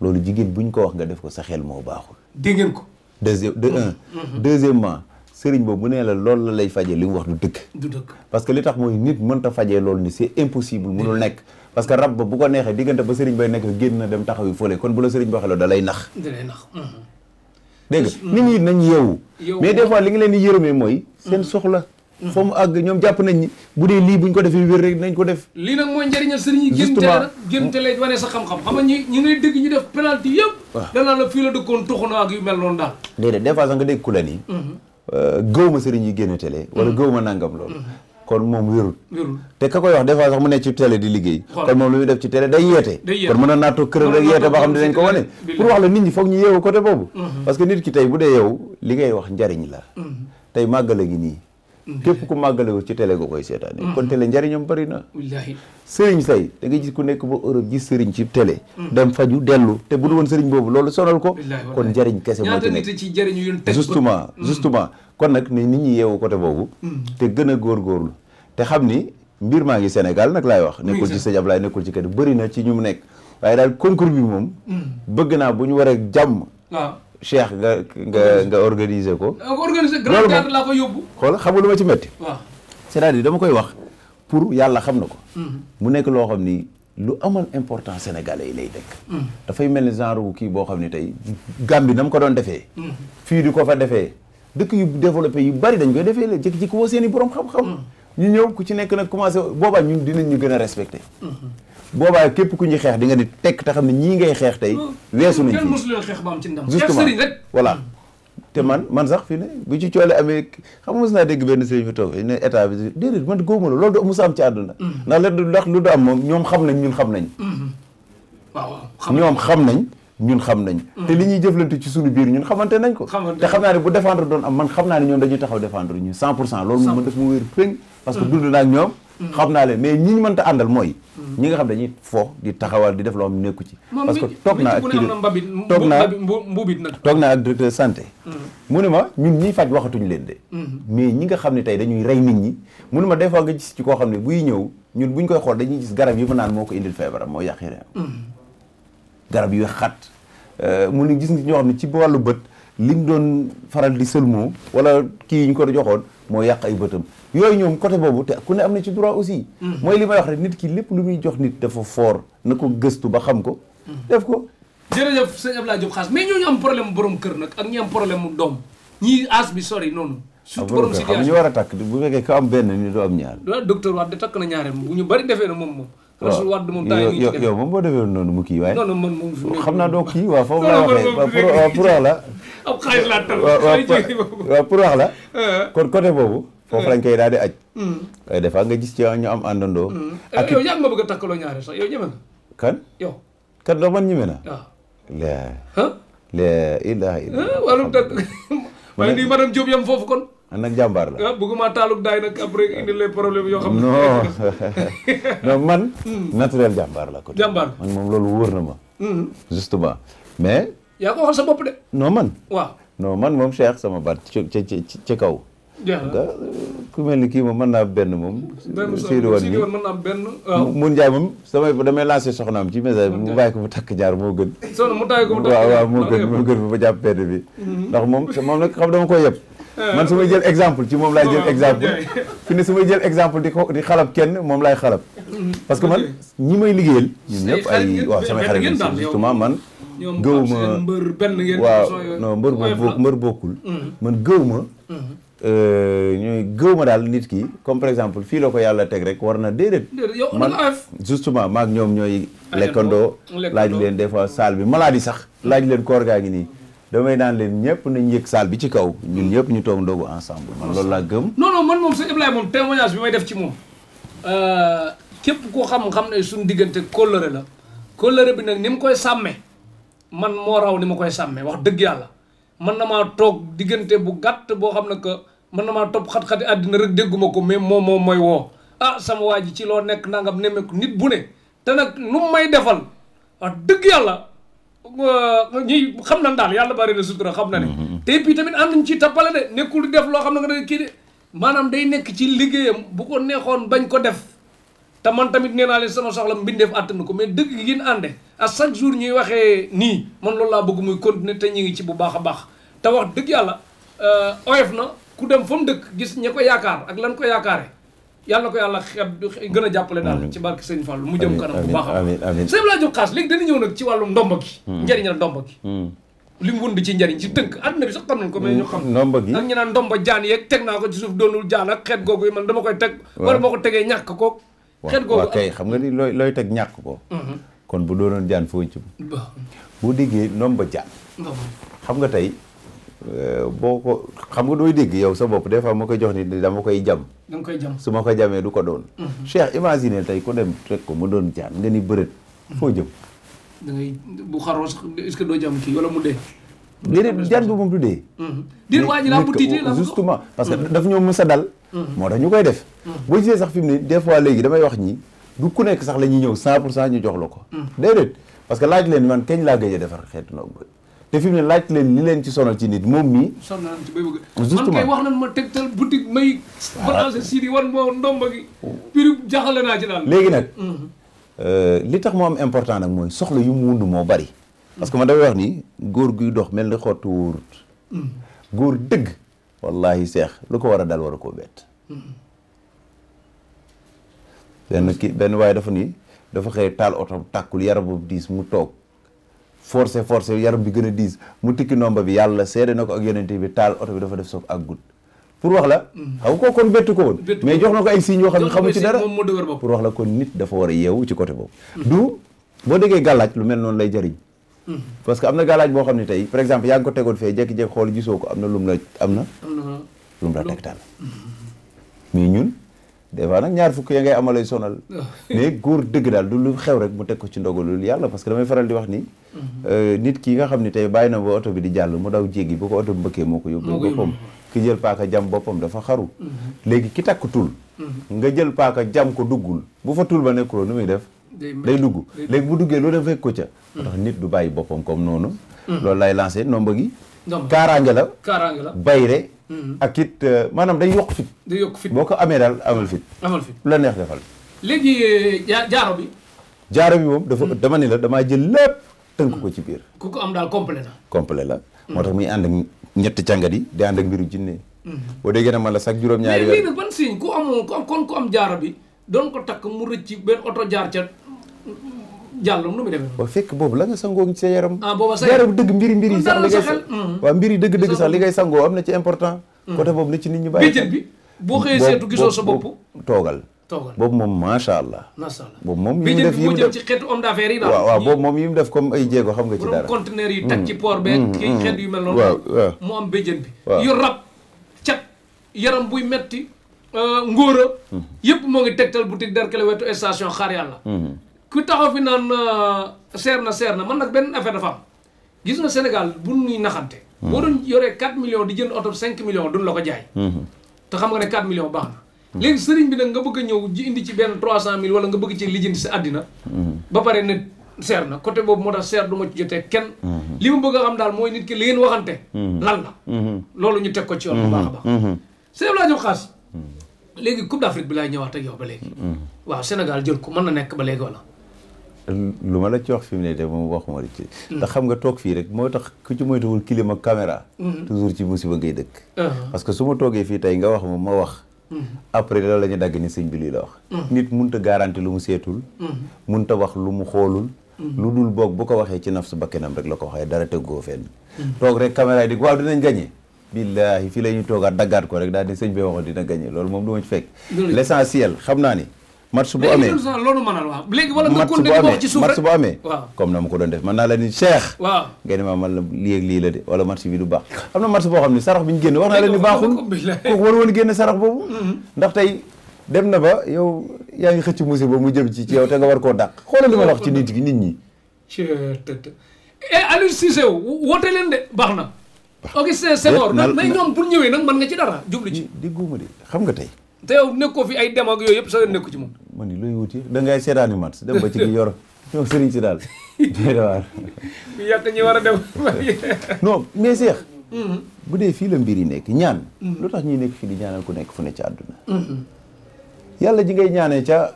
loolu jigéen buñ ko wax nga def ko sa xel moo baaxul. dégg ngeen ko. deuxième deuxièmement sëriñ boobu bu nee la loolu la lay fajee li mu wax du dëkk. du dëkk parce que li tax mooy nit mënta fajee loolu ni c'est impossible mënul nekk. parce que rab ba bu ko neexee diggante ba sëriñ bay nekk génn na dem taxaw yi fële kon bu mhm. mhm. nañ yeewu. mais des fois li nga leen di yërëmee mooy. Mhm. seen soxla. ñoom jàpp nañ ni bu dee lii buñ ko defee wér rek nañ ko def. lii nag mooy njëriñal sëriñ yi. justement gën te lay wane sa xam-xam. xam nga ñi ñi ngay dégg ñu def penalty yëpp. danaa la fii la dëkkoon tuxu na ak yu mel noonu daal. déedéet des fois nga dégg ku la nii Euh, gëw ma sëriñ yi génn télé wala mm. gëw nangam loolu mm. kon moom wérul te koy wax des fois mu ne ci télé di liggéey kon moom lu muy def ci télé day yeete kon mën a naatoo këram rek yeete ba xam dinañ ko wane pour wax la nit ñi foog ñu yeewu côté boobu mm-hmm. parce que nit ki tey bu dee yow li ngay njariñ la mm-hmm. tey màggala gi nii képp ku màggalewul ci télé nga koy seetaane mm-hmm. kon télé njariñam bëri na sëriñ say da nga gis ku nekk ba Europe gis sëriñ ci télé mm-hmm. dem faju dellu te bu du woon sëriñ boobu loolu sonal ko kon njariñ kese moo ci nekk justement mm-hmm. justement kon nag ne nit ñi yeewu côté boobu te gën a góorgóorlu te xam ni mbir maa ngi Sénégal nag laay wax nekkul ci sëñ Ablaye nekkul ci kat bëri na ci ñu mu nekk waaye daal concours bi moom bëgg naa bu ñu waree jàmm ah. cheikh nga nga nga organiser ko. Ah, organiser grand théâtre laa fa yóbbu. xool xam nga lu ma ci métti. waaw dama koy wax pour yàlla xam na ko. Mhm. mu nekk loo xam ni lu amal important sénégalais yi lay dekk. Mhm. dafay mel ni genre wu kii boo xam ni tey. Gambie na mu ko doon defee. Mhm. fii di ko fa defee dëkk yu développé yu bari dañ koy defee la jékki-jékki woo seen i borom xam-xam. ñu ñëw ku ci nekk na commencé boobaa ñu dinañ ñu gën a respecté. boobaa képp ku ñuy xeex di nga ni tekk te xam ne ñii ngay xeex tey weesu nañ kenn mosu leen xeex ba am ci justement sëriñ te man man sax fii ne bu ci coole amee xam nga mos naa dégg benn sëriñ fi toog ne état bi déedéet am ci àdduna mm-hmm. ndax lu du moom ñoom xam nañ ñun xam nañ mm-hmm. waaw ñoom xam nañ ñun xam nañ te mm-hmm. li ñuy jëflante ci suñu biir ñun xamante nañ ko te xam naa ne bu défendre doon am man xam naa ne ñoom dañuy taxaw défendre ñu cent pour cent loolu moom man daf mu wér péng parce que dund naa ak ñoom xam naa leen mais ñu mënta àndal mooy ñi nga xam dañuy fo di taxawal di def loo xam nekku ci parce que toog naa ak kii toog naa mbuubit nag toog naa ak directeur santé mm-hmm. mu ne ma ñun ñiy faj waxatuñ leen de mm-hmm. mais ñi nga xam ne tey dañuy rey nit ñi mu ne ma des fois nga gis ci koo xam ne buy ñëw ñun buñ koy xool dañuy gis garab yi mu naan moo ko indil feebaram moo yàq yaram mm-hmm. garab yu xat euh, mu ne gis nga ñoo xam ne ci wàllu bët li mu doon faral di sëlmoo wala kii ñu ko joxoon moo yàq ay bëtam yooyu ñoom côté boobu te ku ne am na ci droit aussi mm-hmm. mooy li may wax rek nit ki lépp lu muy jox nit dafa foor na ko gëstu ba xam ko mm-hmm. def ko jërëjëf sëñ Abdoulaye Diop Khass mais ñooñu am problème borom kër nag ak ñi am problème mu doom ñii as bi sori noonu surtout ah, borom situation xam ñu war a takk bu fekkee ko am benn ni doo am ñaar ah, docteur Wade takk na ñaareel bu ñu bari defee na moom moom Rachid Wade moom boo defee noonu mu kii waaye. non xam naa doo kii waaw foofu (laughs) laa waxee waaw pour wax la. (laughs) ab (laughs) wax la. Euh. kon côté boobu. foofu lañ koy daal di aj. Hmm. waaye des fois nga gis ci ñu am àndandoo. Hmm. ak euh, yow yaa ngi ma a takkaloo ñaare sax yow ñeme na. kan kan doo man ñeme na. waaw. la. ah. la ilaha illa. Eh, takk. ma ne ma ne madame Diop foofu kon. nag jàmbaar la ah bëgguma (laughs) (laughs) non man. naturel jàmbaar la ko. jàmbaar man moom loolu wóor na ma. Mm-hmm. justement mais. yaa ko waxal sa bopp de. non man. moom Cheikh sama bat ci ci ci kaw. jeex mel ni kii moom mën naa benn moom. Sidi Wan Mun Njaay moom samay damay lancé soxnaam ci message bi mu bàyyi ko mu takk jaar moo gën. soxna mu bàyyi ko mu takk jaar waaw waaw moo gën moo gën benn bi. Mm-hmm. ndax moom moom nag xam dama koy yëpp. man su may jël exemple ci moom laay jël oh, exemple fi ne su may jël exemple di ko di xalab kenn moom laay xalab parce que man ñi may liggéeyal ñun ñëpp ay waaw samay xarit justement man gëwuma waaw non mbër bookul mbër bokkul mm-hmm. man gëwuma mm-hmm. euh, ñuy gëwma daal nit ki comme par exemple fii la ko yàlla teg rek war na déedéet man justement maak ñoom ñooy ah, lekkandoo laaj leen des fois salle bi maladie sax laaj leen koor gaa ngi nii damay naan leen ñëpp nañ yëg saal bi ci kaw ñun ñëpp ñu toog ndogu ensemble man loolu laa gëm non man moom sëñ Ablaye moom témoignage bi may def ci moom euh, képp koo xam xam ne suñu diggante kóllëre la kóllëre bi nag ni mu koy sàmmee man moo raw ni ma koy sàmmee wax dëgg yàlla man na maa toog diggante bu gàtt boo xam ne que man na maa topp xat-xati àddina rek dégguma ko mais moom moom mooy woo ah sama waa ji ci loo nekk nangam nemmeeku nit bu ne te nag nu may defal wax dëgg yàlla ñuy xam nañ daal yàlla bari na sutura xam na ne. Mm-hmm. te puis tamit am nañ ci tappale de nekkul def loo xam ne nga ne kii de maanaam day nekk ci liggéeyam bu ko neexoon bañ ko def. te man tamit nee naa leen sama soxla mbindeef àttan ko mais dëgg yi ñu ànde à chaque jour ñuy waxee nii man loolu laa bëgg ñu ngi ci bu baax a baax te wax dëgg yàlla euh, oyof na ku dem fa mu dëkk gis ña ko yaakaar ak lan ko yaakaare yàlla ko yàlla xeb gën a jàppale daal ci barke Sëñ Fall mu jëm kanam bu baax a baax sëñ Abdoulaye Diop Khass léegi dañu ñëw nag ci wàllum ndomba gi hmm. njëriñal ndomba gi hmm. li mu ci njariñ ci tënk àdduna bi sax xam nañ ko mais ñu xam hmm, ndomba gi ak ñu naan ndomba jaan yeeg teg naa ko ci suuf doonul jaan ak xeet googu yi man dama koy teg wala moo ko tegee ñàkk ko xeet googu waaw xam nga ni looy looy teg ñàkk ko kon bu doonoon jaan foo jëm boo déggee ndomba jaan xam nga tey Euh, boo ko xam nga dooy dégg yow sa bopp des fois ma koy jox ni dama koy jam. dama koy jam su ma ko jamee du ko doon. Mm-hmm. Cheikh imagine tey ku dem rek ko mu doon jaan nga ni bërët. Mm-hmm. foo jëm. bu xaroo sax doo jam kii wala mu dee. déedéet jaan bi moom du dee. Mm-hmm. déet waa ji laa bu tiitee la justement parce que daf ñoo mës a dal. moo tax ñu koy def. boo gisee sax fi mu ne des fois léegi damay wax ñi du ku nekk sax la ñuy ñëw 100 pour cent ñu jox la ko. déedéet parce que laaj leen man kañ laa gëj a defar xeetu ndox te fi mu ne laaj leen li leen ci sonal ci nit moom mii. sonal ci bay bëgg man kay wax nañ ma tegtal boutique may. waaw ba ansa di wan moo ndomba gi. prix jaxale naa ci daal. léegi nag. Mhm. Euh, li tax mu am important nag mooy soxla yu mu wund moo bari. parce que ma damay wax nii góor guy dox mel ni xottu wóorut. Mhm. góor dëgg. wallahi seex lu ko war a dal war a koo bett. Mhm. benn ki benn waaye dafa ni dafa xëy taal oto tàkkul yaram bu diis mu toog. forcé forcé yaram bi gën a diis mu tikki nomba bi yàlla seede na ko ak yonente bi taal oto bi dafa def soog ak gud pour wax la xaw ko kon bettu ko woon mais jox na ko ay signes yoo xam ne xamu ci dara pour wax la kon nit dafa war a yeewu ci côté boobu hmm. du boo déggee gàllaaj lu mel noonu lay jariñ hmm. parce que am na gàllaaj boo xam ne tey par exemple yaa ngi ko tegoon fee jékki-jékki xool gisoo ko am na lum la am na lum la tegtal mais ñun des fois nag ñaar fukk ya ngay amalay sonal. (laughs) Ah. mais góor dëgg daal du lu xew rek mu teg ko ci ndogalul yàlla parce que damay faral di wax ni. Mhm. Euh, nit ki nga xam ne tey bàyyi na ba oto bi di jàll mu daw jéggi bu ko oto bi mbëkkee moo ko yóbbu boppam ki jël paaka jam boppam dafa xaru. Mhm. léegi ki takk mhm. nga jël paaka jam ko duggul bu fa tul ba nekkuloo nu muy def. day dugg léegi bu duggee loolu dafa fekk ko ca. ndax nit du bàyyi boppam comme noonu. loolu lay lancé nomba gi. kaaraange la. kaaraange la bayre Mm-hmm. ak it euh, maanaam day yokk fit. day yokk fit boo ko amee daal amal fit. amal fit la neex defal. léegi euh, jaaro bi. jaaro bi moom dafa mm-hmm. dama ni la damaa jël lépp tënk ko mm-hmm. ci biir. ku ko am daal complet la. la moo tax muy ànd ak ñett càngat yi di ànd ak mbiru jinne. boo déggee na man la sax juróom-ñaari yoon. mais nag ban signe ku am kon ku am jaaro bi doon ko takk mu rëcc benn oto jaar ca. jàllum nu mu demee ba fekk boobu la sangoo ngi ah, sa yaram yaram dëgg mbiri mbiri yi sax li ngay mm. waaw mbiri dëgg dëgg sax li ngay sangoo am na ci important mm. côté boobu na ci nit ñi bàyyi bitit bi boo xëyee sa bopp toogal toogal boobu moom macha allah macha allah boobu moom yi mu def yi ci xeetu homme d'affaires yi daal waaw waaw moom yi mu def comme ay jéego xam nga ci dara conteneur yi tag mm. ci port bee kii xeet yu mel noonu waaw waaw mu am béjjën bi yu rab cat yaram buy metti euh, ngóora yëpp moo ngi tegtal boutique derkale wetu station xaar yàlla ku taxaw fi naan euh, seer na seer na man nag benn affaire dafa am gis nga Sénégal bu nuy naxante. Hmm. boo doon yoree 4 millions di jënd oto 5 millions duñ la ko jaay. Hmm. te xam nga ne 4 millions baax na. Hmm. léegi sëriñ bi nag nga bëgg a ñëw ji indi ci benn 300000 wala nga bëgg ci lijjanti sa àddina. ba pare ne seer na côté boobu moo tax seer du ma ci jotee kenn. li ma bëgg a xam daal mooy nit ki li ngeen waxante. lan la. loolu ñu teg ko ci yoon bu baax a baax. sëñ laa ñëw xaas. léegi Coupe d'Afrique bi laay ñëwaat ak yow ba léegi. waaw Sénégal jël ko mën na nekk ba léegi lu ma la ci wax fi mu ne de moom waxuma la ci. ndax xam nga toog fii rek moo tax ku ci moytuwul climat caméra. Mm-hmm. toujours ci musiba ngay dëkk. Uh-huh. parce que su ma toogee fii tey nga wax ma ma wax. Mm-hmm. après loolu la ñu dagg ni sëñ bi lii la wax. Mm-hmm. nit munta garanti lu mu seetul. munta wax lu mu xoolul. lu dul boog bu ko waxee ci nafsu bakkanam rek la ko waxee dara tëggoo fenn. toog rek caméra yi di waaw dinañ gañe. billaahi fii la ñuy toogaat daggaat ko rek daal di sëñ bi waxoon dina gañe loolu moom du xam naa ni. match bu amee loolu mën waaw léegi wala nga continuer bu amee comme na ma ko doon def man naa la ni Cheikh waaw nga ne ma man lii la de wala match bi du baax am na match boo xam ne sarax bi ñu génn wax naa la ni baaxul kooku war woon génn sarax boobu mm-hmm. ndax tey dem na ba yow yaa ngi xëcc musiba mu jëm ci ci yow te nga war koo dàq xoolal li ma la wax ci nit gi nit ñi eh, Aliou Cissé baax na Augustin Senghor mais ñoom pour nga ci dara jublu ci di de xam nga tey te yow nekkoo fi ay dem ak yooyu yëpp sa yoon nekku ci moom. man looy wuti da ngay seetaani mat dem ba ci gi yor ñoom sëriñ si daal. (laughs) ñu yàq a (laughs) mm-hmm. bu dee fii la mbir yi nekk ñaan. Mm-hmm. lu tax ñuy nekk fii di ñaanal ku nekk fu ne ci àdduna. Mm-hmm. yàlla ji ngay ñaanee ca.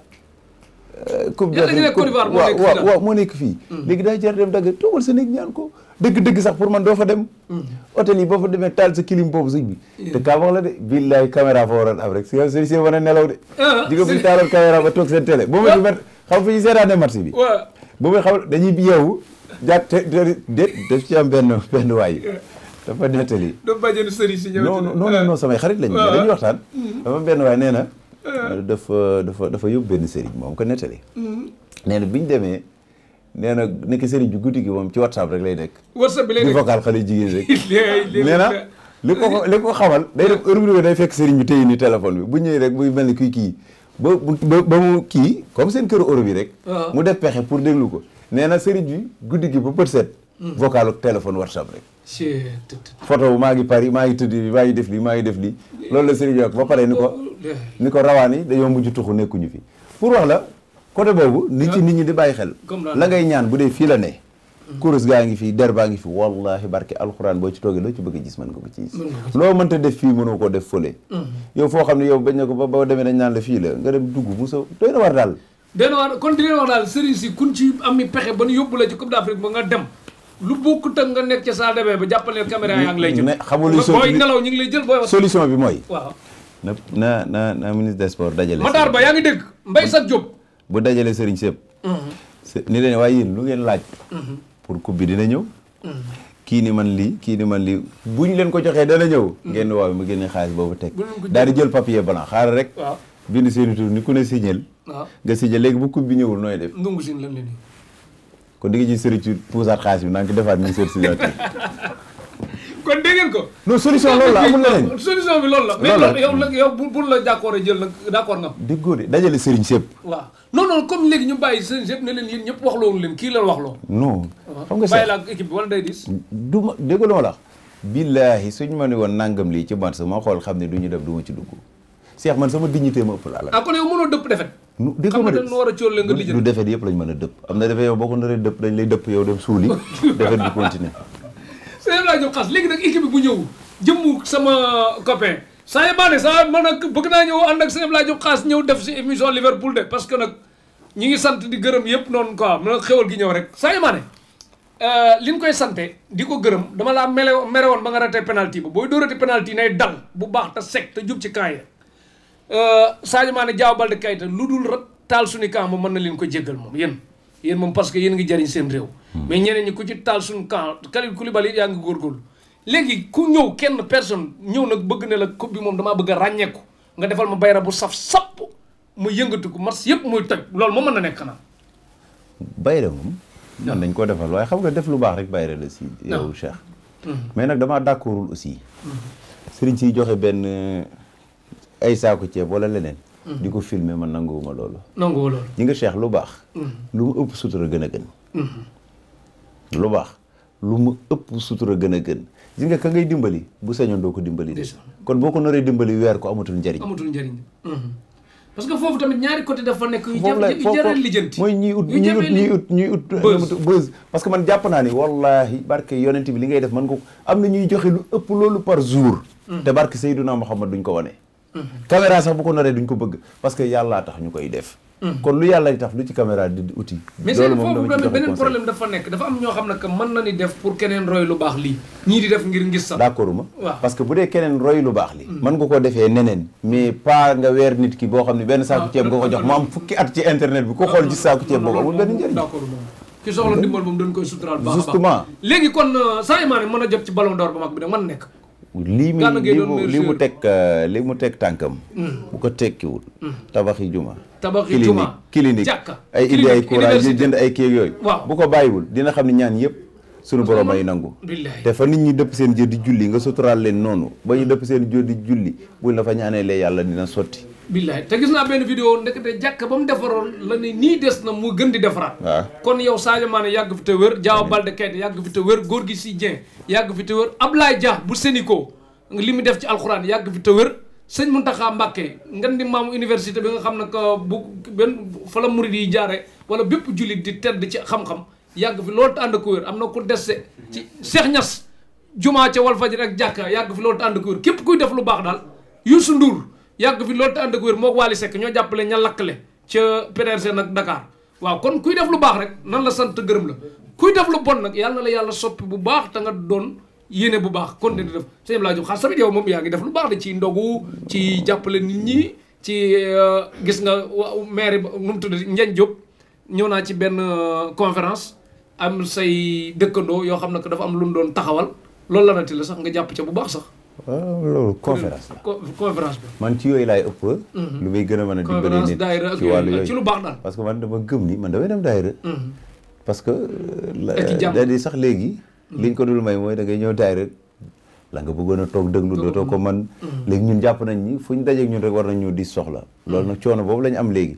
coupe d'Afrique waaw waaw moo nekk fii mm-hmm. léegi daa jar dem dagg toogal sa néeg ñaan ko dëgg-dëgg sax pour man doo fa dem mm-hmm. hôtel yi boo fa demee taal sa kilim boobu sëñ bi te kaavax la de billaay caméra fa waroon am rek si seen seen wane nelaw de jigéen bu taaloon caméra ba toog seen télé boo ma ah. di met xam fi ñu seetaanee match bi boo may dañuy bi yeewu jàpp te déet benn benn waay dafa nettali non non ah. non samay xarit lañ ah. dañuy waxtaan mm-hmm. dafa benn waay nee Euh, euh, dafa dafa dafa yóbbu benn sëriñ moom ko nettali. Mm-hmm. nee na bi ñu demee nee na nekk sëriñ bi guddi gi moom ci whatsapp rek lay nekk. whatsapp bi lay xale jigéen rek. (laughs) nee na li ko li ko xamal day def heure bi day fekk sëriñ bi téye ni téléphone bi bu ñëwee rek muy mel ni kuy kii ba ba mu kii comme seen këru heure bi rek. Ah. mu def pexe pour déglu ko nee na sëriñ bi guddi gi ba bët set. vocal ak téléphone whatsapp rek. photo bu maa ngi Paris maa ngi tëdd maa ngi def lii maa ngi def lii loolu la sëriñ bi wax ba pare ni ko ni ko rawaan yi dañoo mujj tuxu nekkuñu fi pour wax la côté boobu nit ci nit ñi di bàyyi xel la ngay ñaan bu dee fii la ne mm. kurus gaa ngi fi der baa ngi fi wallahi barke alxuraan boo ci toogee loo ci bëgg a gis mën nga ci gis loo mënta def fii def fële mm-hmm. yow foo xam dañ naan la fii la nga dem dugg mu doy na war daal doy na war kon lu bokkut ak nga nekk ca salle de bain ba jàppalee caméra yaa ngi lay jël. xamul booy nelaw solution bi mooy. waaw na na na na ministre des sports dajale. Matar Ba yaa ngi dégg Mbaye Sakh Diop. bu dajale sëriñ Sepp. Mm-hmm. ni leen waaye yéen lu ngeen laaj. Mm-hmm. pour coupe bi dina ñëw. Mm-hmm. kii ni man lii kii ni man lii buñ leen ko joxee dana ñëw ngeen waaw mu génne xaalis boobu teg daal jël papier blanc xaaral rek bind seeni tur ni ku ne signal nga signal léegi bu coupe bi ñëwul nooy def ndungu sin lan kon da nga ciy sori ci puusaat xaalis bi naa ngi ko defaat ñu sori si yow kon dégg ngeen ko. non solution loolu la amul leneen solution bi loolu la. mais loolu yow nag la d'accord nag d'accord nga. déggoo de dajale sëriñ sëpp. waaw non non comme léegi ñu bàyyi sëriñ sëpp ne leen yéen ñëpp waxloo leen kii la waxloo. non xam nga sax bàyyi la ak équipe bi wala day dis. du ma déggoo la ma la. billaahi suñ ma ne woon nangam lii ci man ma xool xam ne du ñu def du ma ci dugg. Cheikh man sama dignité ma ëpp la. ah kon yow mënoo dëpp defet nu déggoo ma de du defet yëpp lañ mën a dëpp am na defet yow boo ko naree dëpp dañ lay dëpp yow dem suuli (laughs) defet bi continuer sëñ laa jëm xas léegi nag équipe bi bu ñëw jëmm sama copain saa yi baane saa man nag bëgg naa ñëw ànd ak sëñ laa jëm xaas ñëw def si émission Liverpool de parce que nag ñi ngi sant di gërëm yëpp noonu ko am na xéwal gi ñëw rek saa yi maane euh, li ñu koy sante di ko gërëm dama laa mele mere woon ba nga raté penalty ba booy dóorati penalty nay dal bu baax te sec te jub ci yi Euh, Sadio Mané Diao Baldé Keita lu dul taal suñu kaa moom mën na leen ko jéggal moom yéen yéen moom parce que yéen ngi jëriñ seen réew hmm. mais ñeneen ñi ko ci taal suñu camp Kalidou Koulibaly yaa ngi léegi ku ñëw kenn personne ñëw nag bëgg ne la coupe bi moom damaa bëgg a ràññeeku nga defal ma bayra bu saf sapp mu yëngatu ko match yëpp muy toj loolu moo mën na nekk xanaa bayra moom ñoom hmm. dañ koo defal waaye xam nga def lu baax rek bayra la si hmm. yow Cheikh mais nag damaa d'accordul aussi sëriñ siy joxe benn ay saako ceeb wala leneen. Mm. di ko filmer man nanguwuma loolu. nanguwu loolu ñi nga Cheikh lu baax. Mm. lu mu ëpp sutura gën a gën. Mm-hmm. lu baax lu mu ëpp sutura gën a gën gis nga ka ngay dimbali bu sañoon doo ko dimbali. kon boo ko noree dimbali weer ko amatul njariñ. amatul njariñ. Mm-hmm. parce que foofu tamit ñaari côté dafa nekk yu jaral lijjanti mooy ñuy ut ñuy ut ñuy ut ñuy ut buzz parce que man jàpp naa ni wallahi barke yonent bi li ngay def man ko am na ñuy joxe lu ëpp loolu par jour mm. te barke Seyduna Muhammad duñ ko wane caméra sax bu ko naree duñ ko bëgg parce que yàllaa tax ñu koy def. kon lu yàlla di tax lu ci caméra di uti. loolu moom dafa nekk dafa am ñoo xam ne que mën na ni def pour keneen roy lu baax parce que bu dee keneen roy lu baax lii. Mm. mën nga ko defee neneen. mais pas nga weer nit ki boo xam ne benn saaku ah, ceeb nga ko jox mu am fukki at bi ko xool ci saaku ceeb boobu amul benn njëriñ. dañ koy suturaal. baax baax léegi kon euh, saa imaane mën a ci ballon d'or ba mag bi nag man nekk lii mu lii mu teg euh, li mu teg tànkam mm. bu ko tekkiwul mm. tabax yi juma tabax yi juma clinique jàkka ay indi ay courage yi jënd ay kéeg yooyu waaw bu ko bàyyiwul dina xam ne ñaan yëpp sunu borom ay nangu te fa nit ñi dëpp seen jër di julli nga suturaal leen noonu ba ñu dëpp seen jër julli buñ la fa ñaanee lee yàlla dina sotti billaay te gis naa benn vidéo ndekete jàkk ba mu defaroon la ne nii des na mu gën di defaraat kon yow Sadio Mané yàgg fi te wér Diao Baldé yàgg fi te wér Gorgui Sy Dieng yàgg fi te wér Ablaye Dia bu Sénico li mu def ci alxuraan yàgg fi te wér sëñ Mountakha Mbacké ngan di maamu université bi nga xam ne que bu benn fa la murid yi jaare wala bépp jullit di tedd ci xam-xam yàgg fi loolu te ànd ko wér am na ku dese ci Cheikh Niass jumaa ca Walfadjri ak jàkka yàgg fi loolu te ànd ko wér képp kuy def lu baax daal Youssou Ndour yàgg fi loolu te ànd ak wér moo Wally Seck ñoo jàppale ña lakkle ca PDRG nag Dakar waaw kon kuy def lu baax rek nan la sant gërëm la kuy def lu bon nag yàlla na la yàlla soppi bu baax te nga doon yéene bu baax kon di def sëñ Abdoulaye Diouf Xaas tamit yow moom yaa ngi def lu baax de ci ndogu ci jàppale nit ñi ci euh, gis nga maire ba nu mu tudd Ndiagne Diop ñëw naa ci benn euh, conférence am say dëkkandoo yoo xam ne que dafa am lu mu doon taxawal loolu la nati la sax nga jàpp ca bu baax sax loolu conférence la conférence bi man ci yooyu laay ëpp mhm. lu may gën a mën a dimbale nit ci wàllu yooyu ci parce que man dama gëm ni man damay dem daayira mhm. parce que da euh, di sax léegi mhm. liñ ko lu may mooy da ngay ñëw daayira la nga bëggoon a toog déglu dootoo ko man léegi ñun jàpp nañ ni fu ñu dajeeg ñun rek war nañ ñoo di soxla loolu nag coono boobu lañ am léegi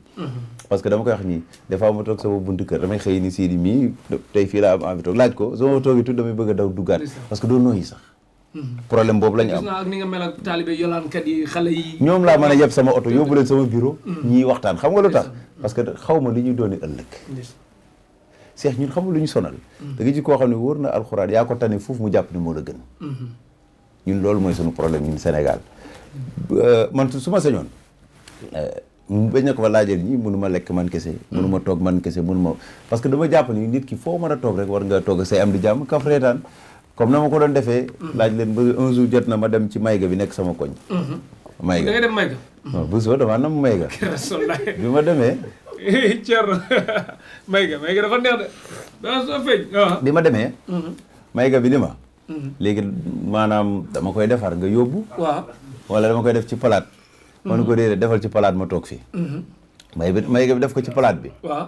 parce que dama koy wax ni des fois ma toog sama buntu kër damay xëy ni Sidi mii tey fii laa am envie toog laaj ko sama toog yi damay bëgg a daw duggaat parce que doo nooyi sax problème boobu la ñu am ak ni nga mel ak taalibe yolaankat yi xale ñoom laa mën a yeb sama oto yóbbu leen sama bureau. Mm. ñiy waxtaan xam nga lu tax. parce xaw ma li ñu doon ëllëg. seex ñun xamul lu ñu sonal. Mm. da nga ji koo xam ne wóor na alxuraan yaa ko tane foofu mu jàpp ni moo la gën. Mm-hmm. ñun loolu mooy suñu problème ñun Sénégal. Euh, man su ma sañoon. Euh, bañ na ko fa laajee ñi mënu ma lekk man kese. mënu mm. ma toog man kese mënu ma parce dama jàpp ni nit ki foo mën a toog rek war nga toog say am di jàmm kaf reetaan comme na ma ko doon defee. laaj leen ba un jour jot na ma dem ci mayga bi nekk sama koñ. Mhm. mayga da ngay dem mayga. (laughs) bi ma demee. Eh, Thierno (laughs) mayga ah. bi ma demee. Mhm. mayga bi ni ma. Mhm. léegi maanaam dama koy defar nga yóbbu. waaw dama koy def ci palaat. ma ne ko déedéet defal ci palaat ma toog fii. may bi mayga bi def ko ci palaat bi. waaw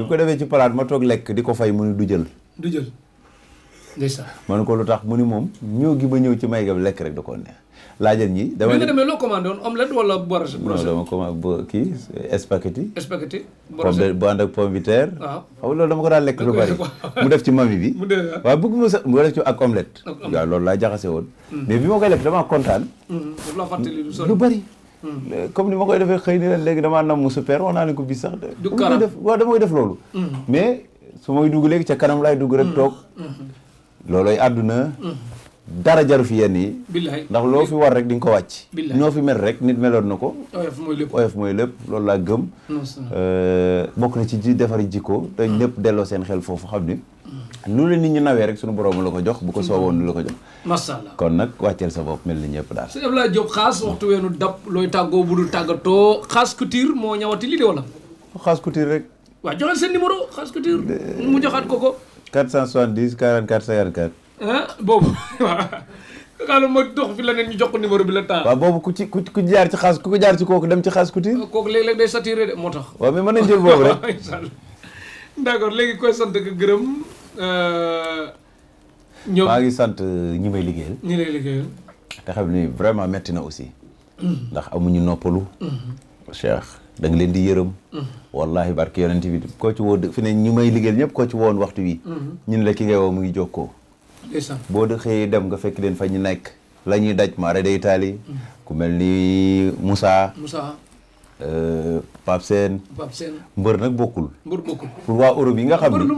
bi ko defee ci palaat ma toog lekk di ko fay mu du jël. ma ne ko lu tax mu ni moom ñëw gi ma ñëw ci may ga lekk rek da koo neex laajal ñi dama nga demee loo commandé woon omelette wala brochette non dama commandé kii spaghetti spaghetti brochette bu ànd ak pomme de terre waaw ah. xam loolu dama ko daan lekk lu bari (laughs) mu def ci mami bi waaw bëgg mu sa mu def ci ak omelette waaw loolu laa jaxase woon mm. mais bi ma koy lekk damaa kontaan mm-hmm. lu bari mm. comme ni ma koy defee xëy ni la léegi damaa nam mu super wax naa ne ko bii sax def waaw dama koy def loolu mm. mais su may dugg léegi ca kanam laay dugg rek toog mm-hmm. loolooy àdduna dara jaru fi yenn yi ndax loo fi war rek di nga ko wàcc ñoo fi mel rek nit meloon na ko oyof mooy lépp loolu laa gëm euh, bokk na ci ji defari jikko te mm. ñëpp delloo seen xel foofu xam ni nu la nit ñu nawee rek sunu borom la ko jox bu ko sooboon la ko jox kon nag wàcceel sa bopp mel ni ñëpp daal su def laa jóg xaas waxtu weenu dab looy tàggoo bu dul tàggatoo xaas couture moo ñawati lii de wala xaas couture rek waaw joxeel seen numéro ko 470 44 54. ah boobu waaw (laughs) xaaral ma dox fi la ne ñu jox ko bi la temps. waaw boobu ku ci ku jaar ci xaas ku ko jaar ci kooku dem ci xaas kuti. Ah, kooku léeg-léeg day saturé de moo tax. waaw mais mën nañ jël boobu rek (laughs) waaw d' accord léegi koy sant ak gërëm. Euh, ñoom maa ngi sant euh, ñi may liggéeyal. ñi lay liggéeyal. te xam ni vraiment metti na aussi. Mm-hmm. ndax amuñu noppalu. Mm-hmm. Cheikh da leen di yërëm. Mm-hmm. wallahi barke yonent bi koo ci woo fi ne ñu may liggéeyal ñëpp koo ci woon waxtu wi mhm. ñun la ki ngay woo mu ngi jokkoo boo de xëyee dem nga fekk leen fa ñu nekk la ñuy daj maara day taali mhm. ku mel nii Moussa Moussa euh, Pape Sène Pape mbër nag bokkul mbër bokkul pour waa Europe yi nga xam ni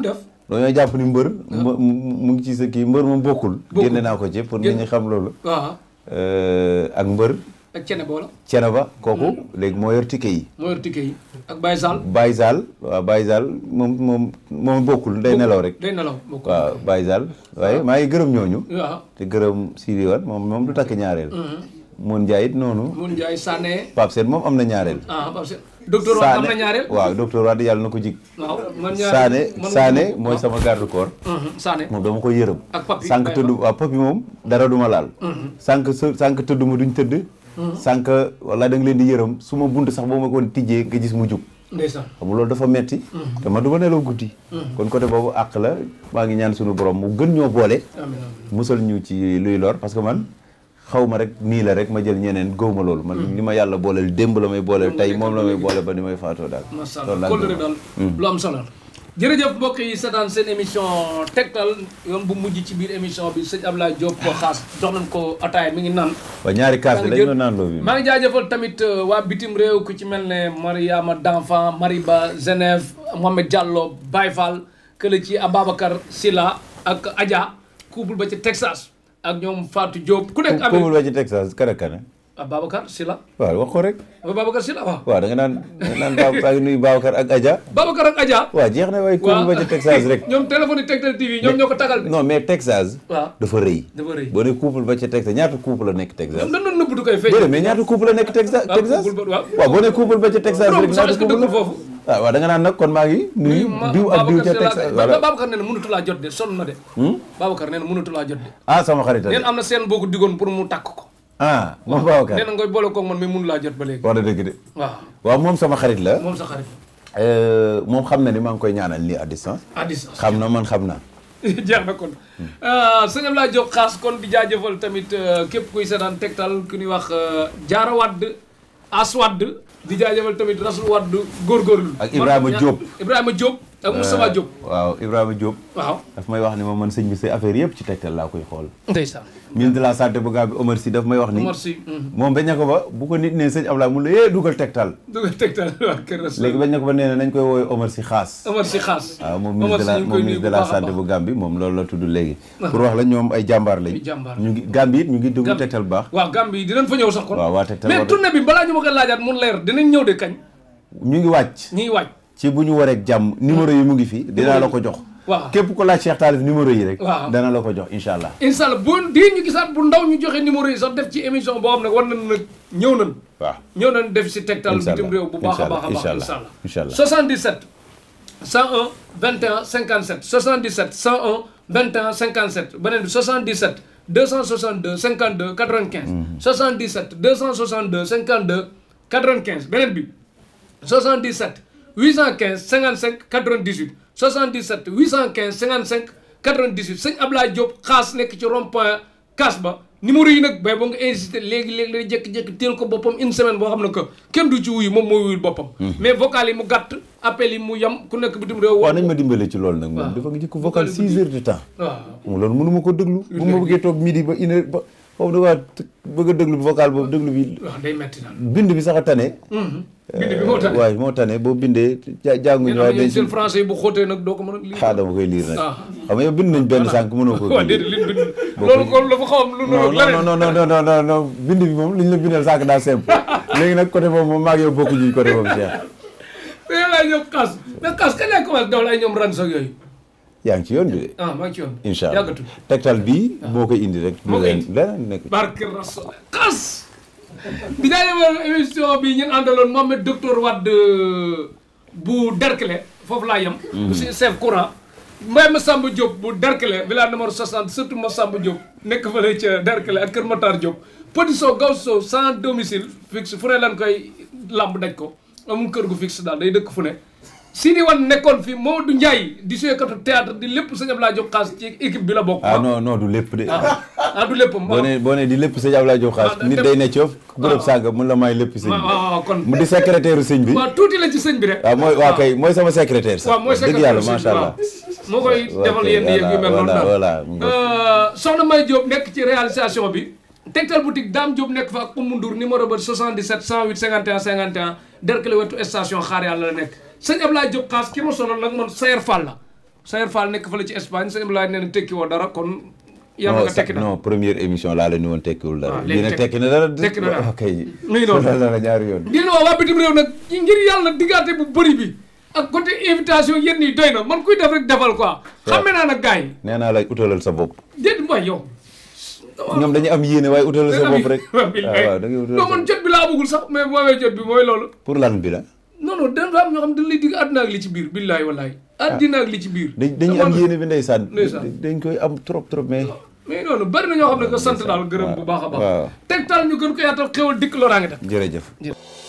dañoo jàpp ni mbër ah. mu ngi ci sa kii mbër moom bokkul génne naa ko ci pour nit xam loolu ah. euh, ak mbër ak Ceneba la. Ceneba kooku hmm. léegi moo yor ticket yi. moo yor ticket yi ak Baye Sall. Baye moom moom moom bokkul day nelaw rek. day waaw Baye Sall. waaye ah. maa ngi gërëm ñooñu. waaw te gërëm Sidi moom moom du takk ñaareel. Hmm. Moon Ndiaye noonu. Moon Ndiaye Sané. moom am na ñaareel. ah Pape Sène na waaw docteur Wade yàlla na ko jig. waaw man mooy sama garde corps. Hmm, Sané moom dama koy yërëm. ak Papi sànq tëdd moom dara duma laal. sànq sànq tëdd ma duñ tëdd. Mhm. sànq wala da leen di yërëm su ma bunt sax boo ma koon tijjee nga gis mu jub ndeysaan xam loolu dafa metti mhm. te ma du ma nelaw guddi mhm. kon côté boobu àq la maa ngi ñaan sunu borom mu gën ñoo boole musal ñu ci luy lor parce que man xaw ma rek nii la rek ma jël ñeneen góob ma loolu man li ma yàlla booleel démb la may booleel tey moom la may booleel ba ni may faatoo daal loolu daal lu jërëjëf mbokk yi seetaan seen émission tegtal yoon bu mujj ci biir émission bi sëñ Abdoulaye Diop ko xaas jox nañ ko ataay mi ngi naan waaw ñaari kaas la ñu naan loolu maa ngi jaajëfal tamit euh, waa bitim réew ku ci mel ne Mariama Danfan Mariba Genève Mohamed Diallo Baye Fall kële ci Ababacar sila ak Adja couple ba ci Texas ak ñoom Fatou Diop ku nekk am couple ba ci Texas kan ah Babacar Sylla. waaw ko rek. waaw ah, Babacar Sylla waaw. waaw da nga naan na (laughs) ñoo ko tagal. non mais Texas. waaw dafa nekk Texas. ñoom dañu doon nëbbu du koy feeñ. déedéet mais ah, nag kon maa ngi. nuyu diw ak diw ca Texas voilà Babacar nee na mënatu laa jot de sonn de. Hmm? Babacar nee na mënatu laa jot de. ah sama xarit neen am na seen boo ko digoon pour mu takk ko ah moom Babacar nee na nga boole koog man mais mënu laa jot ba léegi. wax dëgg de waaw. waaw moom sama xarit la moom sa xarit eh, xam na ni maa ngi koy ñaanal nii à distance. xam na man xam naa. (laughs) jeex na kon hmm. ah, sëñ Abdoulaye Diop xaas kon di jaajëfal tamit euh, képp kuy seetaan tegtal ku ñuy wax euh, Diarra Wade As Wade di jaajëfal tamit Rasul Wade góorgóorlu. ak Ibrahima Diop a Diop. Moustapha Diop eh, waaw a Diop waaw daf may wax ni moom man sëñ bi say affaire yëpp ci tegtal laa koy xool ndeysaan ministre de la santé bu gaa bi Omar may wax ni mhm. moom bañ na ko ba bu ko nit ne sëñ Ablaye mu la yee eh, dugal tegtal dugal tegtal (laughs) waaw kër léegi bañ na ko nee na nañ koy woowe Omar Sy xaas Omar Sy xaas waaw moom ministre de la santé bu Gambie moom loolu la tudd léegi pour wax la ñoom ay jàmbaar lañ ñu ngi Gambie it ñu ngi déglu tegtal bu baax waaw Gambie yi ñëw sax kon waaw waa tegtal mais tournée bi ñu de kañ ñu ngi wàcc ñu ngi ci bu ñu waree jàmm numéro yi mu ngi fi dinaa la ko jox waaw képp ko laaj Cheikh Talif numéro yi rek waaw dana la ko jox incha allah incha allah boo dee ñu gisaat bu ndaw ñu joxe numéro yi sax def ci émission boo xam war nañ nag ñëw nañ waaw ñëw nañ def si tegtal bitim bu baax a baax a baax incha allah incha allah 77 101 21 57 77 101 21 57 beneen bi 77 262 52 95 77 815 55 98 77 815 55 98 sëñ Ablaye Diop xaas nekk ci rond point kaas ba numéro yi nag bay ba nga hésité léegi léegi lay jékki-jékki teel ko boppam une semaine boo xam ne que kenn du ci wuyu moom mooy wuyul boppam. Hmm. mais vocal yi mu gàtt appel yi mu yam ku nekk bitim réew. waaw nañ ma dimbale ci lool nag. moom dafa nga jëkk vocal 6 heures de temps. foofu da ngaa bëgg a déglu vocal boobu déglu bi. waaw day metti bind bi sax a tane. Mm-hmm. Euh, bind bi moo tane waaw boo bindee ja jànguñu. waaye dañ seen français bu xóotee nag doo ko mën a lire. ah nag. xam nga yow bind nañ benn sànq mënoo ko. (laughs) waaw déedéet li bind loolu kon dafa xaw a bind bi moom li ñu la bindal sànq daa simple (laughs) léegi nag côté boobu moom maa ngi yow bokkuñu côté boobu Cheikh. (laughs) mais yow la ay ñoom ran yooyu yaa ngi ci yoon bi de. ah maa ngi ci tegtal bii moo ah. koy indi rek. moo koy indi leneen nekk. barke rasul xas. bi daa yemal émission bi ñun àndaloon Mohamed docteur Wade euh, bu Derklé foofu laa yem. Mm-hmm. monsieur chef courant. Mbaye Massamba Diop bu Derklé village numéro 60 surtout Massamba Diop nekk fële ca Derklé ak Kër Matar Diop. Petit Sow Gaw Sow sans domicile fixe fu ne koy làmb daj ko amul kër gu fixe daal day dëkk fu ne. Sidi Wane nekkoon fi Maodo Ndiaye di suyekatu théâtre di lépp sëñ Abdoulaye Diop Khass ci équipe bi la bokk. ah non non du lépp de. ah, ah du lépp. boo di lépp sëñ Abdoulaye Diop Khass ah, nit day ne coof. bërëb ah. sànga tuuti la ci sëñ bi mooy waaw kay mooy sama secrétaire sax. waaw mooy secrétaire sëñ bi waaw allah. moo koy defal yenn yëf euh, nekk ci réalisation bi. Tektal boutique Dame Diop nekk fa ak Oumou Ndour numéro ba 77 108 51 nekk sëñ Ablaye Diop xaas ki ma sonal nag man Sayer Fall la Sayer Fall nekk fële ci Espagne sëñ Ablaye nee na tekki woo dara kon yàlla nga tekki na laa la ñu woon tekkiwul dara ah, lii nag tekki (laughs) ñaari yoon dina waa waa bitim réew ngir yàlla diggante bu bëri bi ak côté invitation yenn yi doy na man kuy def rek defal ko xamme naa nee naa la utalal sa bopp déet dañu am yéene waaye utalal sa bopp rek (laughs) ah, da ngay utalal non man jot bi laa bëggul sax mais moowee jot bi mooy loolu pour lan bi la non non dafa am ñoo xam dañ lay dig àddina ak li ci biir billaay wallaay. Ah. àddina ak li ci biir. dañuy am yéene bi ndeysaan. dañ koy am trop trop mais. Ah, mais noonu bari na ñoo xam ne ko sant daal gërëm bu baax a baax. waaw tegtal ñu gën ko yaatal xéwal dikk loraange def. jërëjëf.